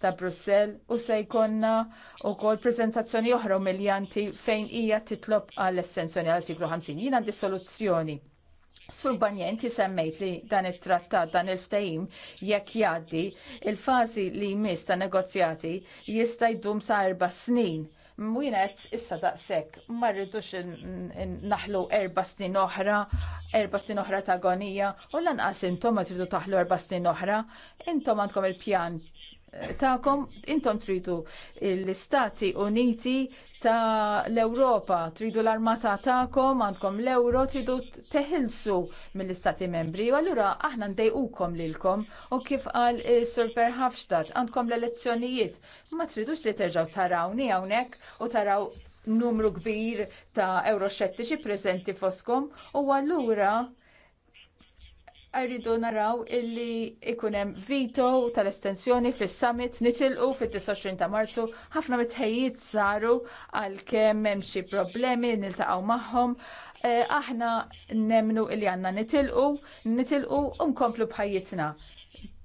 ta' Brussell u se jkollna wkoll preżentazzjoni oħra miljanti fejn hija titlob għall essenzjoni għall-artiklu 50. Jien għandi soluzzjoni. sul banjenti semmejt li dan it-trattat, dan il-ftajim, jekk jgħaddi, il-fazi li jmiss ta' negozjati jista' jdum sa' erba' snin Mwinet issa daqshekk ma rridux naħlu erba' snin oħra, erba' snin oħra ta' agonija, u lanqas intom ma tridu taħlu erba' snin oħra, intom għandkom il-pjan ta'kom intom tridu l-Istati Uniti ta' l-Europa, tridu l-armata ta'kom, għandkom l-Euro, tridu teħilsu mill-Istati Membri. U allura aħna ndejqukom lilkom u kif qal eh, Sir Verhofstadt, għandkom l-elezzjonijiet. Ma tridux li terġaw tarawni hawnhekk u taraw numru kbir ta' euroxettiċi prezenti foskom u allura rridu naraw illi ikun hemm vito tal-estensjoni fis-summit nitilqu fit-29 ta' Marzu ħafna mitħejjiet saru għalkemm hemm xi problemi li niltaqgħu magħhom. Eh, aħna nemnu illi għandna nitilqu, nitilqu u nkomplu bħajjitna.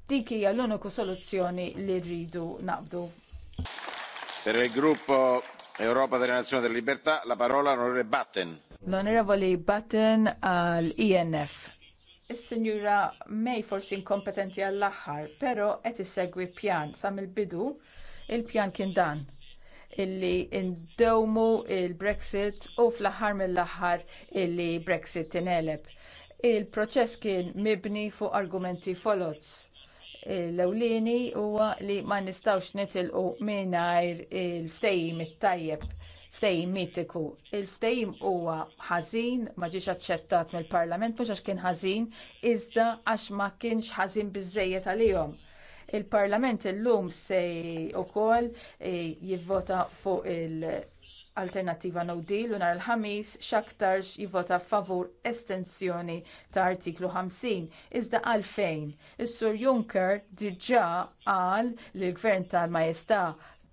Dik hija l-uniku soluzzjoni li rridu naqbdu. Per il gruppo Europa delle Nazioni della Libertà la parola onorevole Batten. L'onorevole Batten al INF. Is-Sinjura May forsi inkompetenti għall-aħħar, però qed issegwi pjan sa mill-bidu il-pjan kien dan illi ndewmu l brexit u fl-aħħar mill-aħħar illi Brexit tineleb. Il-proċess kien mibni fuq argumenti folots. L-ewlieni huwa li ma nistgħux nitilqu mingħajr il-ftehim it-tajjeb ftejim mitiku. Il-ftejim huwa ħażin, ma ġiex aċċettat mill-Parlament mhux għax kien ħażin, iżda għax ma kienx ħażin biżejjed għalihom. Il-Parlament illum se wkoll eh, jivvota fuq il-alternativa no deal u nhar il-ħamis x'aktarx jivvota favur estensjoni ta' artiklu 50. Iżda għalfejn, is-Sur Juncker diġà qal li l-Gvern tal-Majestà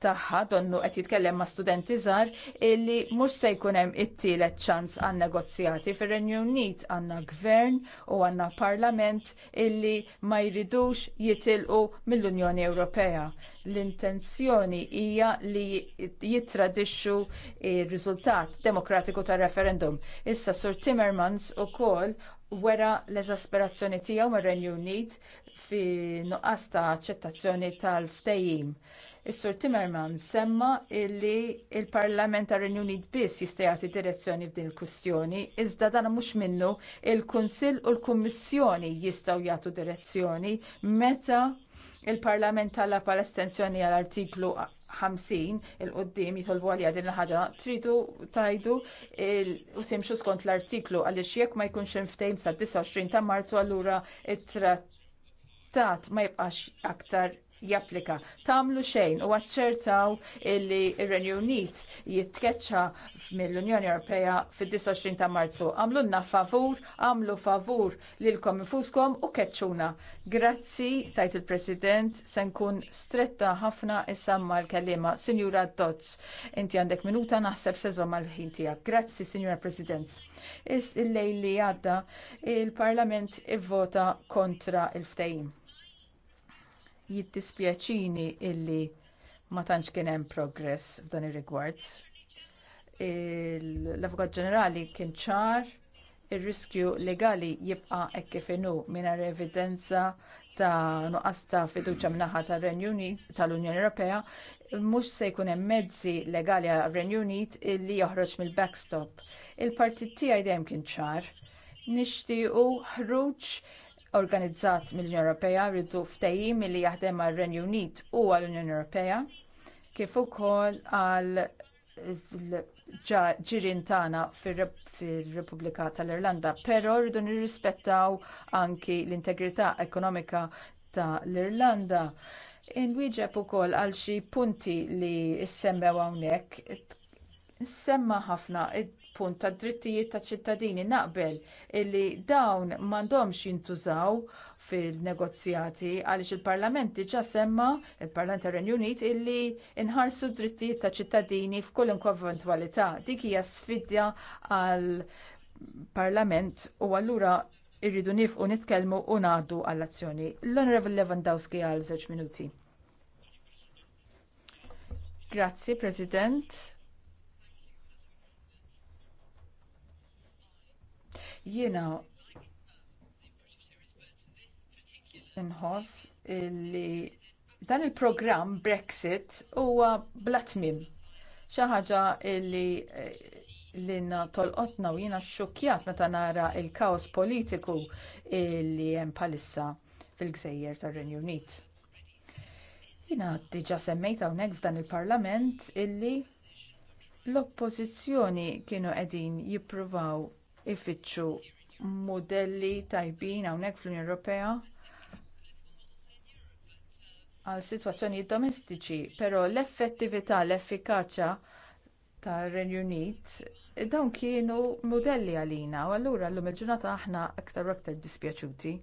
tagħha donnu qed jitkellem ma' studenti żgħar illi mhux se jkun hemm it-tielet ċans għan negozjati fir-Renju Unit għandna gvern u għandna parlament illi ma jridux jitilqu mill-Unjoni Ewropea. L-intenzjoni hija li jittradixxu r-riżultat demokratiku tar-referendum. Issa Sur Timmermans ukoll wera l-eżasperazzjoni tiegħu mar-Renju Unit fi nuqqas ta' aċċettazzjoni tal-ftehim. Is-Sur Timmermans semma illi l il parlament tar renju Unit biss jista' jagħti direzzjoni f'din il-kwistjoni, iżda dan mhux minnu il-Kunsill u l-Kummissjoni jistgħu jagħtu direzzjoni meta l parlament talab għal estensjoni għall artiklu 50 il-qoddim jitolbu għalija din il-ħaġa tridu tajdu u semxu skont l-artiklu għaliex jekk ma jkunx imftejm sa' 29 ta' Marzu allura it-trattat ma jibqax aktar japplika. Tamlu xejn u għacċertaw illi il renju Unit jitkeċċa mill-Unjoni Ewropea fid-29 ta' Marzu. Għamlunna favur, għamlu favur lilkom infuskom u keċċuna. Grazzi, tajt il-President, se nkun stretta ħafna issa l kellima Sinjura Dodds, inti għandek minuta naħseb seżom mal-ħin tiegħek. Grazzi, Sinjura President. Is il-lejli għadda il-Parlament ivvota kontra il-ftejim jiddispjaċini illi ma tantx kien hemm progress f'dan ir-rigward. L-Avukat Ġenerali kien ċar ir-riskju legali jibqa' hekk kif inhu mingħajr evidenza ta' nuqqas ta' fiduċja min-naħa tar-Renju Unit tal-Unjoni Ewropea mhux se jkun hemm mezzi legali għar-Renju Unit li joħroġ mill-backstop. Il-partit tiegħi dejjem kien ċar nixtiequ ħruġ organizzat mill-Unjoni Ewropea rridu ftehim milli jaħdem għar renju Unit u għall unjoni Ewropea kif ukoll għal ġirien tagħna fir-Repubblika tal-Irlanda, però rridu nirrispettaw anki l-integrità ekonomika tal irlanda Inwieġeb ukoll għal xi punti li ssemmew hawnhekk. Semma ħafna punt tad drittijiet ta' ċittadini naqbel illi dawn m'għandhomx jintużaw fil-negozjati għaliex il-Parlament diġa' semma il-Parlament tar Renju Unit illi inħarsu d drittijiet ta' ċittadini f'kull eventualità. Dik hija sfidja għall Parlament u allura irridu nifqu nitkellmu u ngħaddu għall-azzjoni. L-Onorevole Lewandowski għal żewġ minuti. Grazzi, President. Jiena inħoss li dan il-programm Brexit huwa bla tmiem. Xi ħaġa eh, li li tolqotna u jiena xokjat meta nara l kaos politiku li hemm bħalissa fil-Gżejjer tar-Renju Unit. Jiena diġa' semmejt hawnhekk f'dan il-Parlament illi l-oppożizzjoni kienu qegħdin jippruvaw ifittxu mudelli tajbin hawnhekk fl-Unjoni Ewropea għal sitwazzjonijiet domestiċi, però l-effettività, l-effikaċja tar-Renju Unit dawn kienu mudelli għalina u allura llum il-ġurnata aħna aktar u aktar dispjaċuti.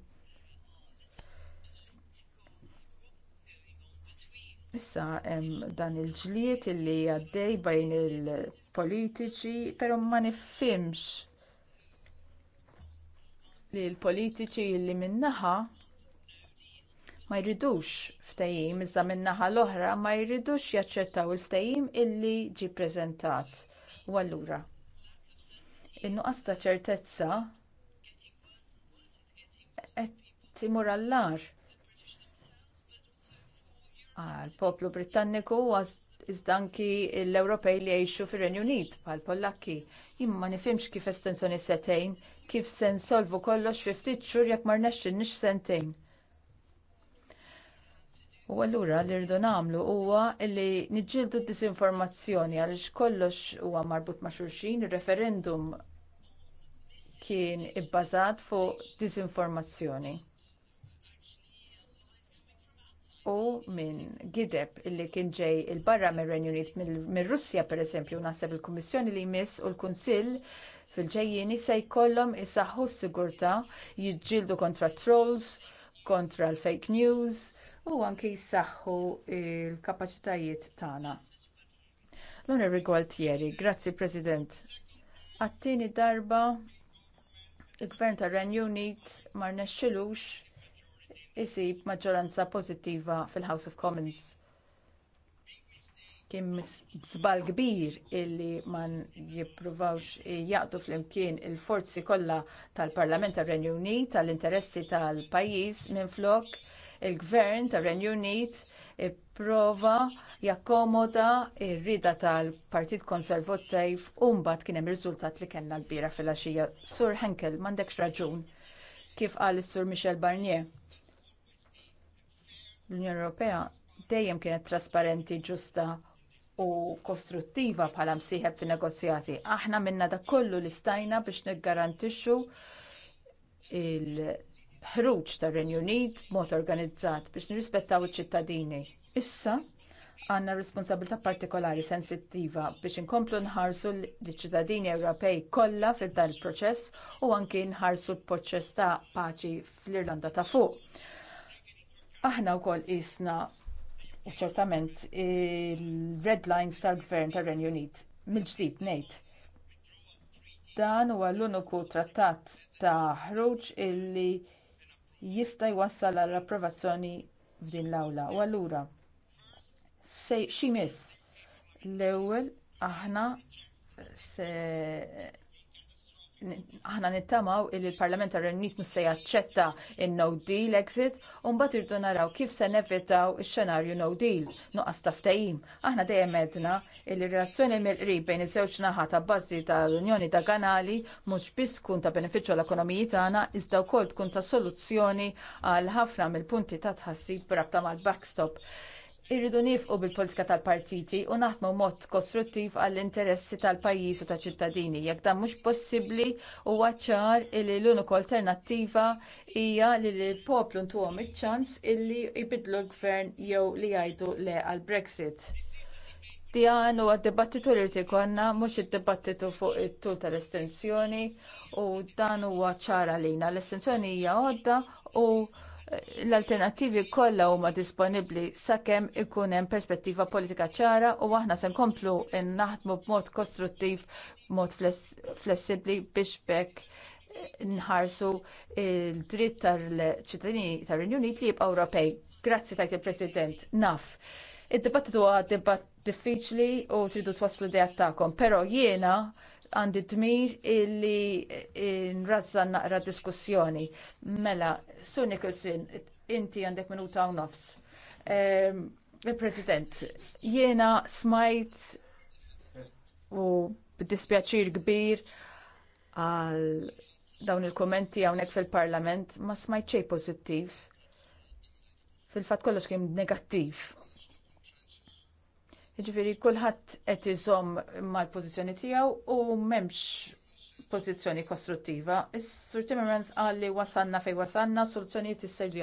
Issa hemm dan il-ġlied illi għaddej bejn il-politiċi, però ma nifhimx li l-politiċi li min-naħa ma jridux ftehim iżda min-naħa l-oħra ma jridux jaċċettaw il-ftehim illi ġie ppreżentat u allura in-nuqqas ta' ċertezza qed imur għall-għar għall-poplu Brittaniku iżda anki l-Ewropej li jgħixu fir-Renju Unit bħall-Pollakki. Imma nifhimx kif estensjoni setejn, kif se nsolvu kollox fiftit xur xhur jekk ma rnexxinniex sentejn. U allura li rridu nagħmlu huwa li nġildu d-disinformazzjoni għaliex kollox huwa marbut ma' xulxin, ir-referendum kien ibbażat fuq disinformazzjoni u minn gideb illi kien ġej il-barra mir-Renju Unit mir-Russja pereżempju naħseb il-Kummissjoni li jmiss u l-Kunsill fil ġejjini se jkollhom isaħħu s-sigurtà jiġġieldu kontra trolls, kontra l-fake news u anke jsaħħu l-kapaċitajiet tagħna. L-Onorevoli Gualtieri, grazzi President. Għattini darba il-Gvern tar-Renju Unit ma rnexxilux isib maġġoranza pożittiva fil-House of Commons. Kien żball kbir illi ma jippruvawx jaqdu flimkien il-forzi kollha tal-Parlament tar-Renju Unit tal-interessi tal-pajjiż minflok il-Gvern tar-Renju Unit ipprova jakkomoda r rieda tal-Partit Konservattiv u mbagħad kien hemm riżultat li kellna l-bira fil-għaxija. Sur Henkel m'għandekx raġun kif qal is-Sur Michel Barnier L-Unjoni Ewropea dejjem kienet trasparenti, ġusta u kostruttiva bħala msieħeb fin negozjati. Aħna minna da kollu li stajna biex niggarantixxu il-ħruġ tar renju Unit b'mod organizzat biex nirrispettaw iċ-ċittadini. Issa għandna responsabilità partikolari sensittiva biex inkomplu nħarsu l-ċittadini Ewropej kollha fid-dan il-proċess u anki nħarsu l-proċess ta' paċi fl-Irlanda ta' fuq Aħna wkoll isna ċertament il-red lines tal-gvern tar-Renju Unit mill-ġdid ngħid. Dan huwa l-uniku trattat ta' ħruġ illi jista' jwassal għall approvazzjoni f'din l-awla. U allura xi miss l-ewwel aħna se aħna nittamaw li l-Parlament tar renit Unit se jaċċetta in-no deal exit u mbagħad irdu naraw kif se nevitaw ix-xenarju no deal nuqqas ta' ftehim. Aħna dejjem għedna li r-relazzjoni mill-qrib bejn iż-żewġ naħa ta' bażi tal-Unjoni Doganali mhux biss tkun ta' benefiċċju l-ekonomiji tagħna iżda wkoll tkun ta' soluzzjoni għal ħafna mill-punti ta' tħassib b'rabta mal-backstop. Irridu nifqu bil-politika tal-partiti u naħdmu mod kostruttiv għall-interessi tal-pajjiż u taċ ċittadini. Jekk dan mhux possibbli huwa ċar li l unika alternattiva hija li l-poplu ntuhom iċ-ċans illi jbidlu l-gvern jew li jgħidu le għall-Brexit. Dijan huwa d-dibattitu li rti konna, mux id-dibattitu fuq it-tul tal-estensjoni u dan huwa ċara lina. L-estensjoni hija għodda u l-alternattivi kollha huma disponibbli sakemm ikun hemm perspettiva politika ċara u aħna se nkomplu naħdmu b'mod kostruttiv, b'mod flessibbli biex bekk nħarsu l dritt tal-ċittadini tar-Renju Unit li jibqgħu Ewropej. Grazzi tajt il-President, naf. Id-dibattitu għad diffiċli u tridu twaslu dejat tagħkom, però jiena għandi dmir illi nrazza naqra diskussjoni. Mela, Su Nicholson, inti għandek minuta u nofs. Il-President, jiena smajt u b'dispjaċir kbir għal dawn il-kommenti hawnhekk fil-Parlament ma smajt ċej pożittiv. Fil-fatt kollox kien negattiv Ġifiri, kullħat qed iżomm mal-pożizzjoni tiegħu u m'hemmx pożizzjoni kostruttiva. Is-Sur Timmermans qal li wasanna fej wasanna soluzzjonijiet isser li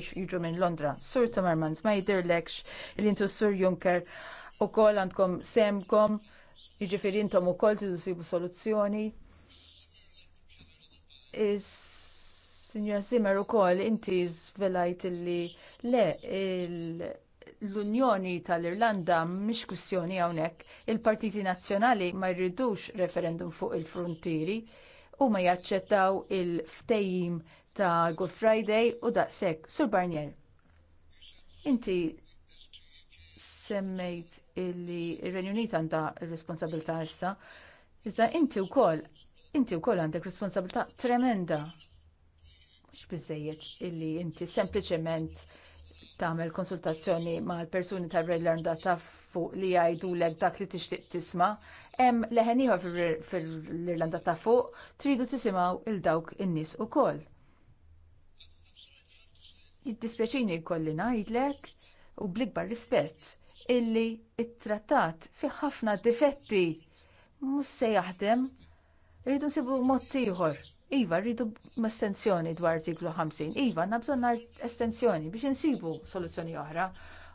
jiġu minn Londra. Sur Timmermans ma jidirlekx il intu Sur Juncker u koll għandkom semkom, jiġifieri intom ukoll tidu sibu soluzzjoni. Is-Sinjor Zimmer ukoll inti zvelajt li le il- l-Unjoni tal-Irlanda mhix kwistjoni hawnhekk. Il-partiti nazzjonali ma jridux referendum fuq il-frontieri u ma jaċċettaw il-ftejim ta' Good Friday u daqshekk. Sur Barnier, inti semmejt illi ir-Renju Unit għandha responsabilità issa, iżda inti wkoll inti wkoll għandek responsabilità tremenda. Mhux biżżejjed illi inti sempliċement tagħmel konsultazzjoni mal-persuni tal-Irlanda ta' fuq li jgħidulek dak li tixtieq tisma', hemm leħen ieħor fil-Irlanda ta' fuq tridu tisimgħu il dawk in-nies ukoll. Jiddispjaċini jkolli ngħidlek u bl-ikbar rispett illi t trattat fi ħafna difetti mhux se jaħdem irridu nsibu mod ieħor Iva, rridu estensjoni dwar artiklu 50. Iva, nabżon estensjoni biex insibu soluzzjoni oħra.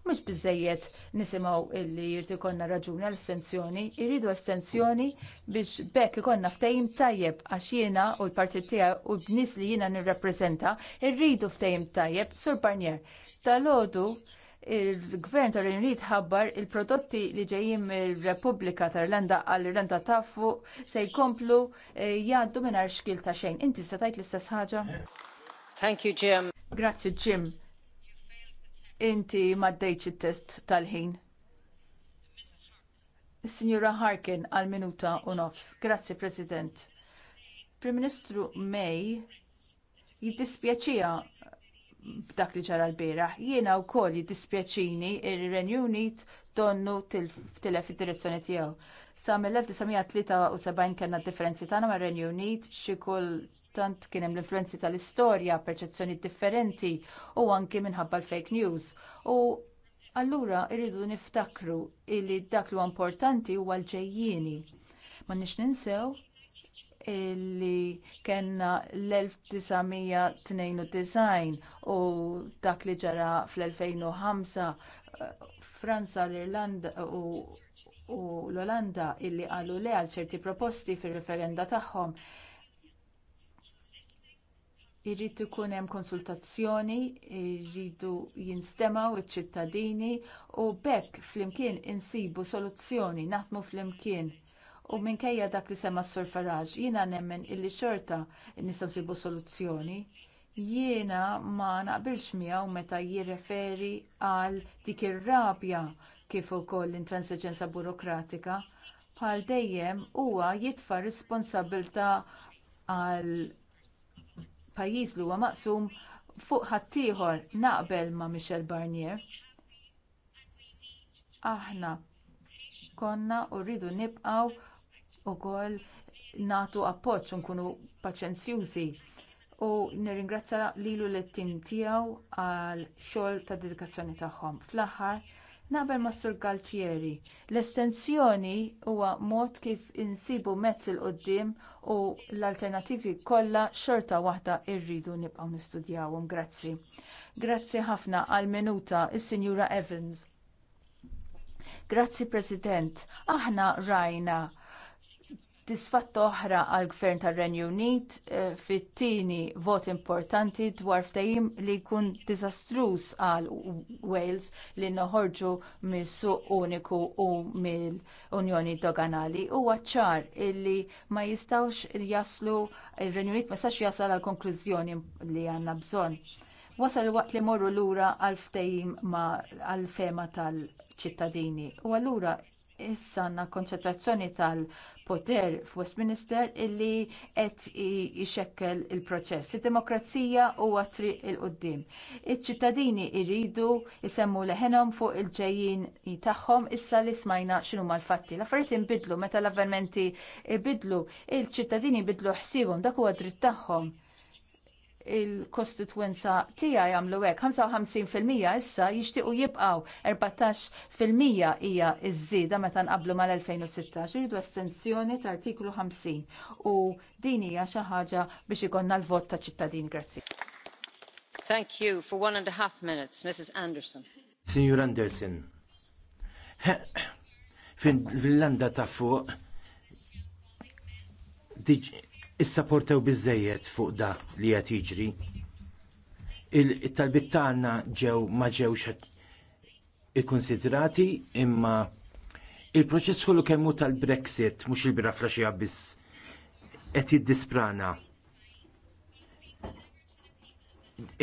Mux bizzejiet nisimaw illi jirti konna raġuni għal-estensjoni, irridu estensjoni biex bekk ikonna ftejim tajjeb għax jiena u l-partit tijaj u b'nis li jiena nirrapprezenta, irridu ftejim tajjeb sur Barnier. tal il-gvern tal renju ħabbar il-prodotti li ġejjin mir-Repubblika tal-Irlanda għall-Irlanda ta' fuq se jkomplu eh, jgħaddu mingħajr xkil ta' xejn. Inti se tgħid l-istess ħaġa? Thank you, Jim. Grazzi, Jim. Inti ma ddejtx it-test tal-ħin. Signora Harkin għal minuta u nofs. Grazzi, President. Prim Ministru May jiddispjaċija b'dak li ġara l-beraħ. Jiena wkoll jiddispjaċini ir-Renju Unit donnu tilef id-direzzjoni tiegħu. Sa mill-1973 kena differenzi tagħna mar Renju Unit xi kultant kien hemm l-influenzi tal-istorja, perċezzjoni differenti u anki minħabba l-fake news. U allura rridu niftakru li dak li huwa importanti huwa l ġejjini Ma nix ninsew illi kellna l-1992 u dak li ġara fl-2005 eh, Franza l-Irlanda u, u l-Olanda illi qalu le għal ċerti proposti fir-referenda tagħhom irrid ikun hemm konsultazzjoni, irridu jinstemaw iċ-ċittadini u bekk flimkien insibu soluzzjoni, naħdmu flimkien. U minkejja dak li sema s-Sur Farage, jiena nemmen illi xorta nistgħu sibu soluzzjoni. Jiena ma naqbilx miegħu meta jirreferi għal dik ir-rabja kif ukoll l-intransiġenza burokratika bħal dejjem huwa jitfa' responsabilta għal pajjiż li huwa maqsum fuq ħaddieħor naqbel ma' Michel Barnier. Aħna konna u rridu nibqgħu ukoll nagħtu appoġġ u nkunu paċenzjużi u nirringrazzja lilu lit tim tiegħu għal xogħol ta' dedikazzjoni tagħhom. Fl-aħħar naqbel ma' Sur Galtieri. L-estensjoni huwa mod kif insibu mezz il qoddim u l-alternattivi kollha xorta waħda rridu nibqgħu nistudjawhom. Grazzi. Grazzi ħafna għal minuta is-Sinjura Evans. Grazzi President, aħna rajna Disfatta oħra għall gvern tar renju Unit eh, fit-tieni vot importanti dwar ftehim li jkun diżastruż għal Wales li noħorġu mis-suq uniku u mill-Unjoni Doganali. Huwa ċar illi ma jistgħux jaslu r renju Unit ma jistax jasal għal konklużjoni li għandna bżonn. Wasal waqt li morru lura għal ftehim ma għal fema tal-ċittadini. U allura issa għandna konċentrazzjoni tal-poter f'Westminster illi qed jixekkel il-proċess. Id-demokrazija huwa għatri il qudiem Iċ-ċittadini irridu jisemmu leħenhom fuq il-ġejjin tagħhom issa li smajna x'inhuma l-fatti. L-affarijiet inbidlu meta l-avvenimenti ibidlu, il-ċittadini bidlu ħsiebhom dak huwa dritt tagħhom il-kostituenza tiegħi jagħmlu hekk. 55% issa jixtiequ jibqgħu 14% hija ż-żieda meta nqablu mal-2016 jridu estensjoni ta' artiklu 50 u din hija xi ħaġa biex ikonna l-vot ta' ċittadin. Grazzi. Thank you for one and a half minutes, Mrs. Anderson. Signor Anderson, fin-Landa ta' fuq issa portew biżżejjed fuq da li qed jiġri. Il-talbit tagħna ġew ma ġewx ikkunsidrati imma il-proċess kollu kemm hu tal-Brexit mhux il-bira flaxija biss qed jiddisprana.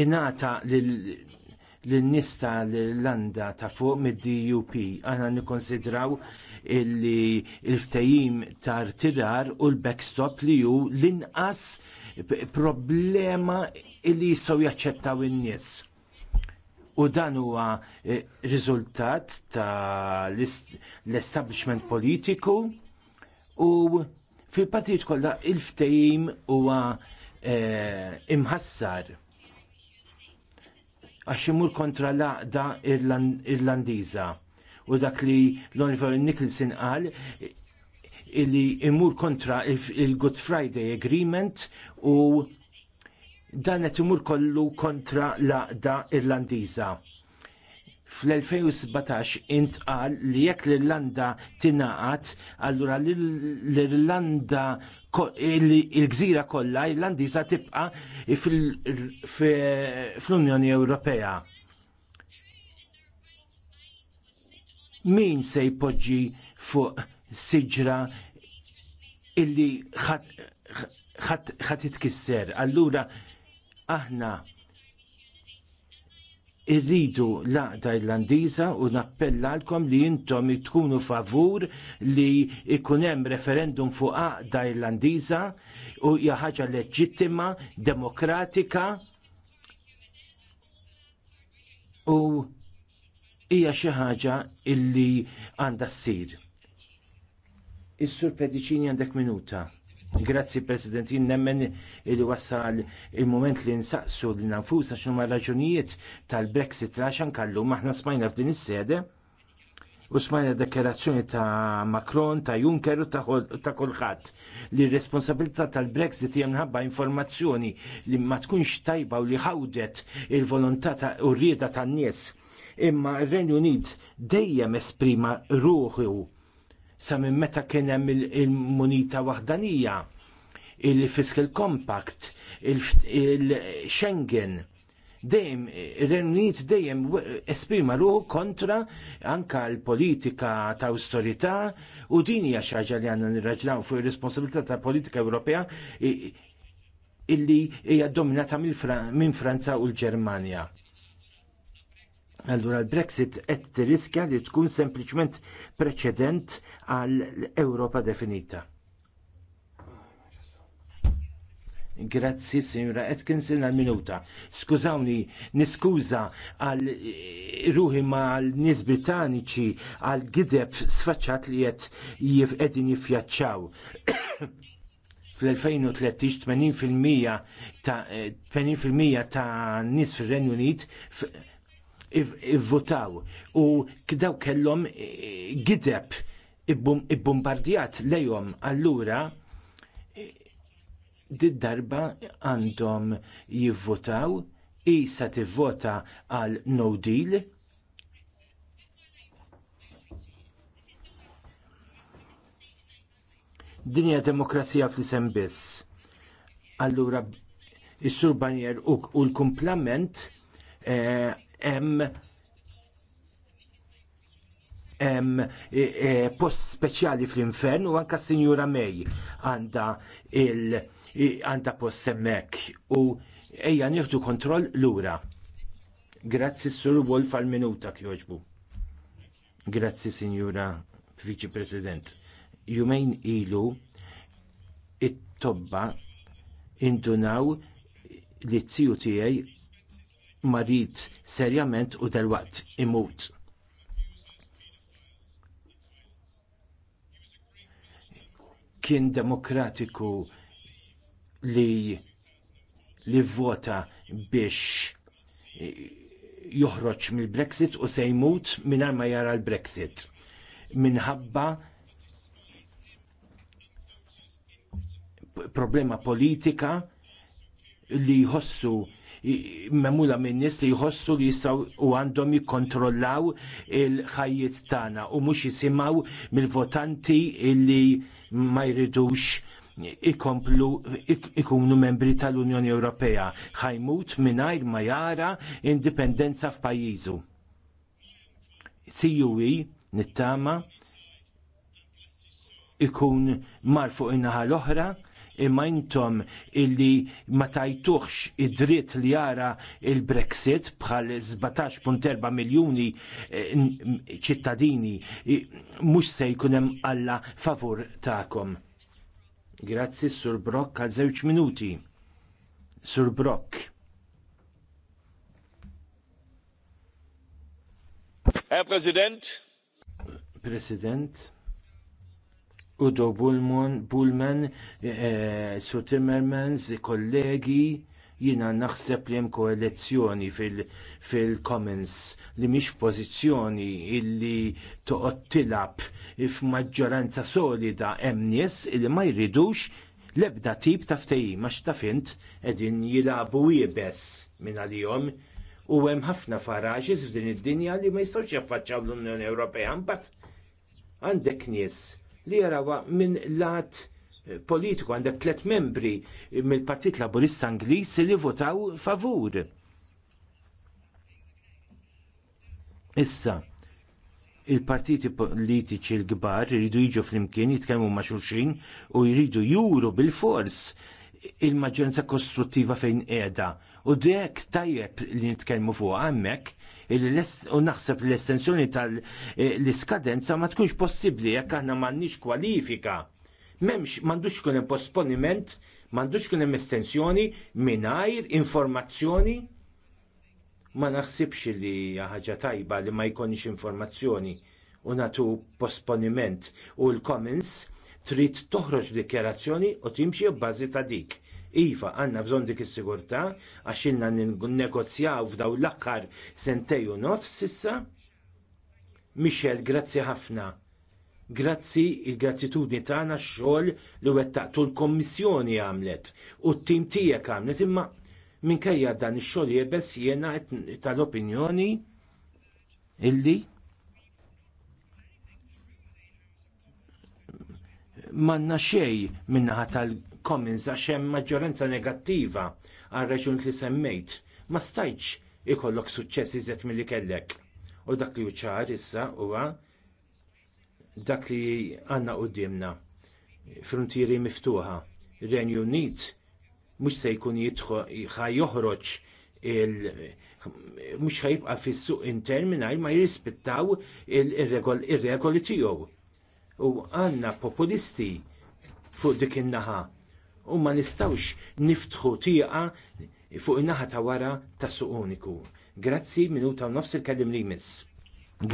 Inata lil-nista l-Irlanda ta' fuq mid-DUP għana nikkonsidraw illi il-ftajim tar tirar u l-backstop li hu l-inqas problema illi jistgħu jaċċettaw in-nies u dan huwa eh, riżultat ta' l-establishment politiku u fil-partit kollha il-ftehim huwa e, imħassar għax imur kontra l-aqda irlandiża u dak li l-Oliver Nicholson qal illi imur kontra il-Good Friday Agreement u dan qed imur kollu kontra l-aqda Irlandiża fl-2017 intqal li jekk l-Irlanda tingħaqad, allura l-Irlanda il-gżira kollha Irlandiża tibqa' fl-Unjoni Ewropea. min se jpoġġi fuq siġra illi ħat jitkisser. Allura aħna irridu laqda irlandiża u nappellalkom li intom tkunu favur li ikun hemm referendum fuq għaqda irlandiża u hija ħaġa leġittima, demokratika u hija xi ħaġa illi għandha ssir. Is-Sur Pedicini għandek minuta. Grazzi President, nemmen li wasal il-moment li nsaqsu li għax ma raġunijiet tal-Brexit għaxan kallu maħna smajna f'din is-sede u smajna deklarazzjoni ta' Macron, ta' Juncker u ta' kulħadd li r-responsabilità tal-Brexit hija minħabba informazzjoni li ma tkunx tajba u li ħawdet il-volontà u r-rieda tan-nies imma r-Renju Unit dejjem esprima ruħu sa minn meta kien hemm il-munita waħdanija, il-Fiscal Compact, il-Schengen. Dejjem ir-Renju Unit dejjem esprima ruħu kontra anka l-politika ta' awtorità u din hija xi ħaġa li għandna nirraġlaw fuq ir-responsabilità ta' politika Ewropea illi hija dominata minn Franza u l-Ġermanja. Allura l-Brexit qed tirriskja li tkun sempliċement preċedent għal Ewropa definita. Grazzi, signora Atkinson, għal minuta. Skużawni, niskuża għal ruħi ma għal nis Britanniċi għal gideb sfaċċat li qed qegħdin jiffjaċċaw. fl-2013 80% ta' 80% eh, ta' nis fir-Renju Unit ivvutaw u kdaw kellhom e, gideb ibbombardjat lejhom allura e, darba għandhom jivvotaw jisa tivvota għal no deal dinja demokrazija fl-isem biss. Allura, is surbanjer u l-kumplament e, hemm hemm e, e, post speċjali fl-infern u anka Sinjura May għandha il għandha post hemmhekk u ejja nieħdu kontroll lura. Grazzi Sur Wolf għal minuta kjoġbu. Grazzi Sinjura Viċi President. Jumejn ilu it-tobba indunaw li t-tiju tiegħi marit serjament u delwaqt imut. Kien demokratiku li li vvota biex joħroġ mill-Brexit u se jmut mingħajr ma jara l-Brexit. Minħabba problema politika li jħossu memula minn nis li jħossu li jistgħu u għandhom jikkontrollaw il-ħajjiet tagħna u mhux jisimgħu mill-votanti li ma jridux ikomplu ikunu membri tal-Unjoni Ewropea ħajmut mingħajr ma jara indipendenza f'pajjiżu. CUE nittama ikun mar fuq in-naħa l-oħra imma intom illi ma tajtuħx id-dritt li jara il-Brexit bħal 17.4 miljuni eh, ċittadini mhux se jkun hemm alla favur tagħkom. Grazzi Sur Brock għal żewġ minuti. Sur Brock. Herr Präsident. President. Udo Bullman, eh, Su Timmermans, kollegi, jina naħseb li hemm elezzjoni fil-Commons li mhix f'pożizzjoni illi toqgħod tilab f'maġġoranza solida hemm nies li ma jridux l-ebda tip ta' ftehim għax ta' fint qegħdin jilagħbu wiebes minn għalihom u hemm ħafna faraġis f'din id-dinja li ma jistgħux jaffaċċaw l-Unjoni Ewropea mbagħad għandek nies li jarawa minn lat politiku għandek tlet membri mill-Partit Laburista Ingliż li votaw favur. Issa, il-partiti politiċi l-kbar jridu jiġu flimkien jitkellmu ma' xulxin u jridu juru bil-fors il-maġġoranza kostruttiva fejn qiegħda. U dek tajjeb li nitkellmu fuq hemmhekk u naħseb l-estensjoni tal-iskadenza eh, ma tkunx possibbli jekk aħna m'għandniex kwalifika. M'hemmx m'għandux kun hemm posponiment, m'għandux kun hemm estensjoni mingħajr informazzjoni ma naħsibx li ħaġa tajba li ma jkunx informazzjoni u natu posponiment u l-comments trid toħroġ dikjarazzjoni u timxi bbażi ta' dik Iva, għandna bżonn dik is-sigurtà għax inna negozjaw f'daw l-aħħar sentej u nofs issa. Michel, grazzi ħafna. Grazzi il-gratitudni tagħna x-xogħol li wettaqtu l-Kommissjoni għamlet u t-tim tiegħek għamlet imma minkejja dan ix-xogħol jebes jiena tal-opinjoni illi manna xej minnaħa tal- Commons għax hemm maġġoranza negattiva għal reġun li semmejt. Ma stajtx ikollok suċċess iżjed milli kellek. U dak li ċar issa huwa dak li għandna qudiemna. Frontieri miftuħa. Renju Unit mhux se jkun jidħol joħroġ il- mux ħajibqa fis-suq intern mingħajr ma jirrispettaw ir-regoli tiegħu. U għandna populisti fuq dik in-naħa u ma nistawx niftħu tieqa fuq in-naħa ta' wara ta' suq uniku. Grazzi minuta u nofs il-kellim li jmiss.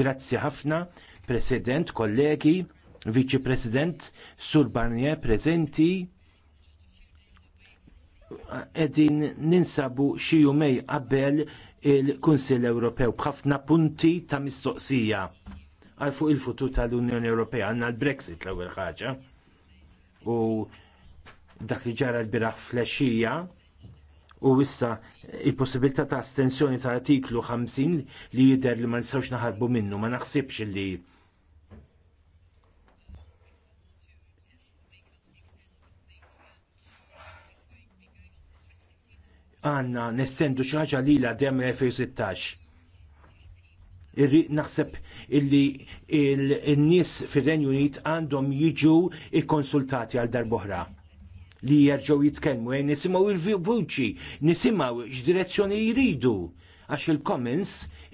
Grazzi ħafna, President, kollegi, Vice President, Sur Barnier prezenti. Edin ninsabu xi jumej qabel il-Kunsill Ewropew b'ħafna punti ta' mistoqsija għal fuq il-futur tal-Unjoni Ewropea għandna l-Brexit l-ewwel ħaġa. U dak li ġara l-biraħ flexija u issa il-possibilità ta' astensjoni ta' artiklu 50 li jidher li ma nistgħux naħarbu minnu, ma naħsibx li għanna nestendu ħaġa li la dem 2016. Irrid naħseb illi il-nies fir-Renju Unit għandhom jiġu ikkonsultati għal darboħra li jerġgħu jitkellmu e nisimgħu il-vuċi, nisimgħu x'direzzjoni jridu għax il-comments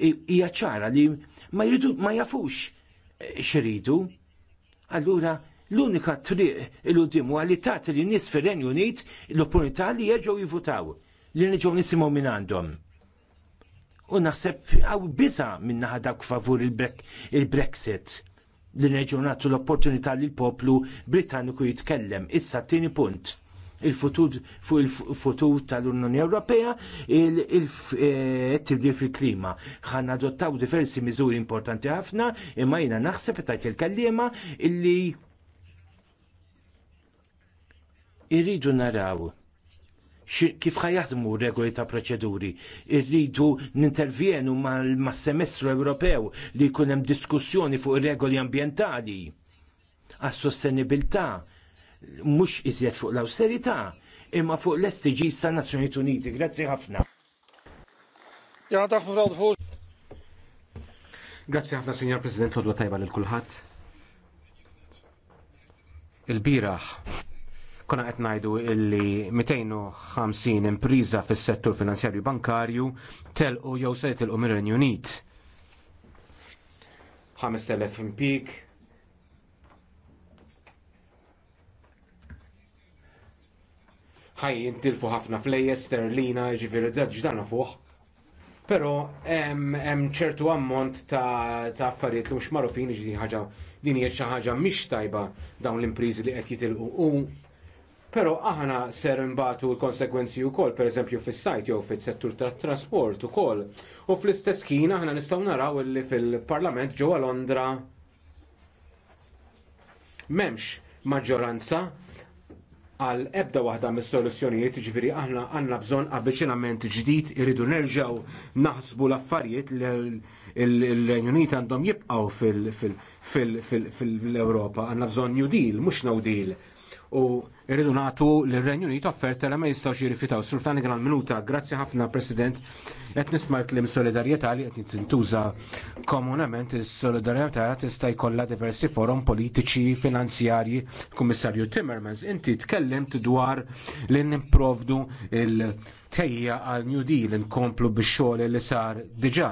hija ċara li ma jridu ma jafux eh, x'iridu. Allura l-unika triq il-qudiem huwa li nis lin nies fir-Renju Unit l-opportunità li jerġgħu jivutaw li nġaw nisimgħu minn għandhom. U naħseb għaw biza minna ħadak favur il-Brexit. il brexit li neġu nagħtu l-opportunità li l-poplu Britanniku jitkellem. Issa t-tieni punt il-futur fuq il-futur tal-Unjoni Ewropea il-tibdil eh, fil-klima. Ħan adottaw diversi miżuri importanti ħafna imma jina naħseb tajt il-kallima illi irridu naraw kif ħajaħdmu regoli ta' proċeduri. Irridu nintervjenu mas semestru Ewropew li jkun hemm diskussjoni fuq regoli ambjentali għas sostenibilità mhux iżjed fuq l-awsterità imma fuq l estiġis ta' Nazzjonijiet Uniti. Grazzi ħafna. Ja, Grazzi ħafna, Signor President, l-odwa tajba l-kulħat. Il-biraħ kuna qed ngħidu illi 250 impriża fis-settur finanzjarju bankarju telqu jew se jitilqu mir-Renju Unit. 5000 impik, ħaj jintilfu ħafna flejjes sterlina, ġifiri d dan fuq. Pero hemm ċertu ammont ta' affarijiet li mhux marufin ġi ħaġa din hija xi ħaġa mhix tajba dawn l-impriżi li qed jitilqu u Pero aħna ser nbatu l-konsekwenzi u kol, per eżempju, fil-sajt jew fil-settur tat trasport u kol. U fl-istess kien aħna nistaw naraw li fil-parlament ġewwa Londra memx maġġoranza għal ebda waħda mis soluzzjonijiet ġviri aħna għanna bżon avviċinament ġdid irridu nerġaw naħsbu l-affarijiet l-Renju Unit għandhom jibqaw fil-Europa għanna bżon New Deal, mux New Deal u irridu nagħtu lir-Renju Unit offerta li ma jistgħux jirrifjutaw. Sur Flanagan għal minuta, grazzi ħafna President, qed nisma' l-klim solidarjetà li qed tintuża komunament is-solidarjetà tista' jkollha diversi forum politiċi, finanzjarji. Kummissarju Timmermans, inti tkellimt dwar li nipprovdu il- tejja għal New Deal inkomplu bix xogħol li sar diġà.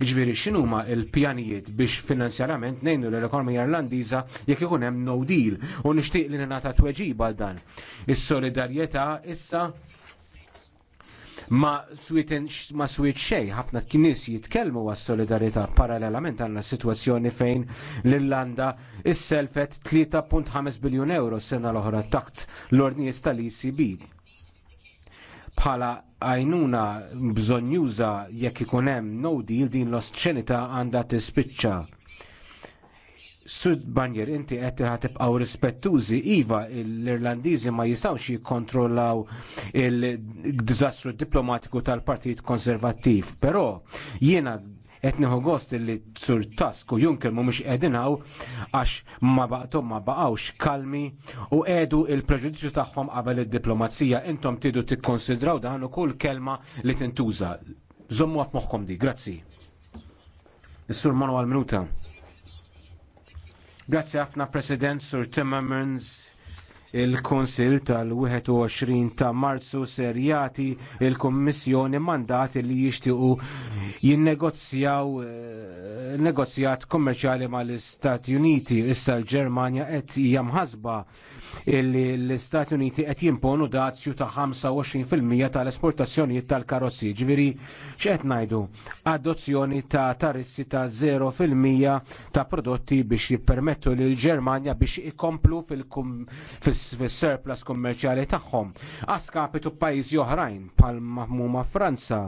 Jiġifieri x'inhuma l-pjanijiet biex finanzjarament ngħinu lill ekonomija Irlandiża jekk ikun hemm no deal u nixtieq li nagħta tweġib għal dan dan. Is-solidarjetà issa ma switen ma swit xej ħafna nies jitkellmu għas solidarjetà parallelament għandna sitwazzjoni fejn l-Irlanda isselfet 3.5 biljun euro s-sena l-oħra taqt l-ordnijiet tal-ECB bħala għajnuna bżonjuża jekk ikun hemm no deal din l-osċenita għandha tispiċċa Sud Banjer, inti qed ħatibqgħu rispettużi, iva l-Irlandiżi ma jistgħux jikkontrollaw il-diżastru diplomatiku tal-Partit Konservattiv, però jiena qed nieħu gost li Sur tasku u Juncker mhumiex qegħdin għax ma baqtom ma baqgħux kalmi u qegħdu il-preġudizzju tagħhom qabel id-diplomazija intom tidu tikkonsidraw dan ukoll kelma li tintuża. Żommu għaf moħħkom di, grazzi. Is-Sur Manuel Minuta. Grazie ħafna President Sir Timmermans il-Konsil tal-21 ta' Marzu ser jagħti l kummissjoni mandat li jixtiequ jinnegozjaw eh, negozjat kommerċjali mal-Istati Uniti. Issa l-Ġermanja qed hija mħasba li l-Istati Uniti qed jimponu dazju ta' 25% tal-esportazzjonijiet tal-karozzi. Ġifieri x'qed ngħidu? Adozzjoni ta' tarissi ta' 0% ta' prodotti biex jippermettu lil Ġermanja biex ikomplu fil fis-surplus kummerċjali tagħhom għaskapitu pajjiżi oħrajn bħal maħmuma Franza.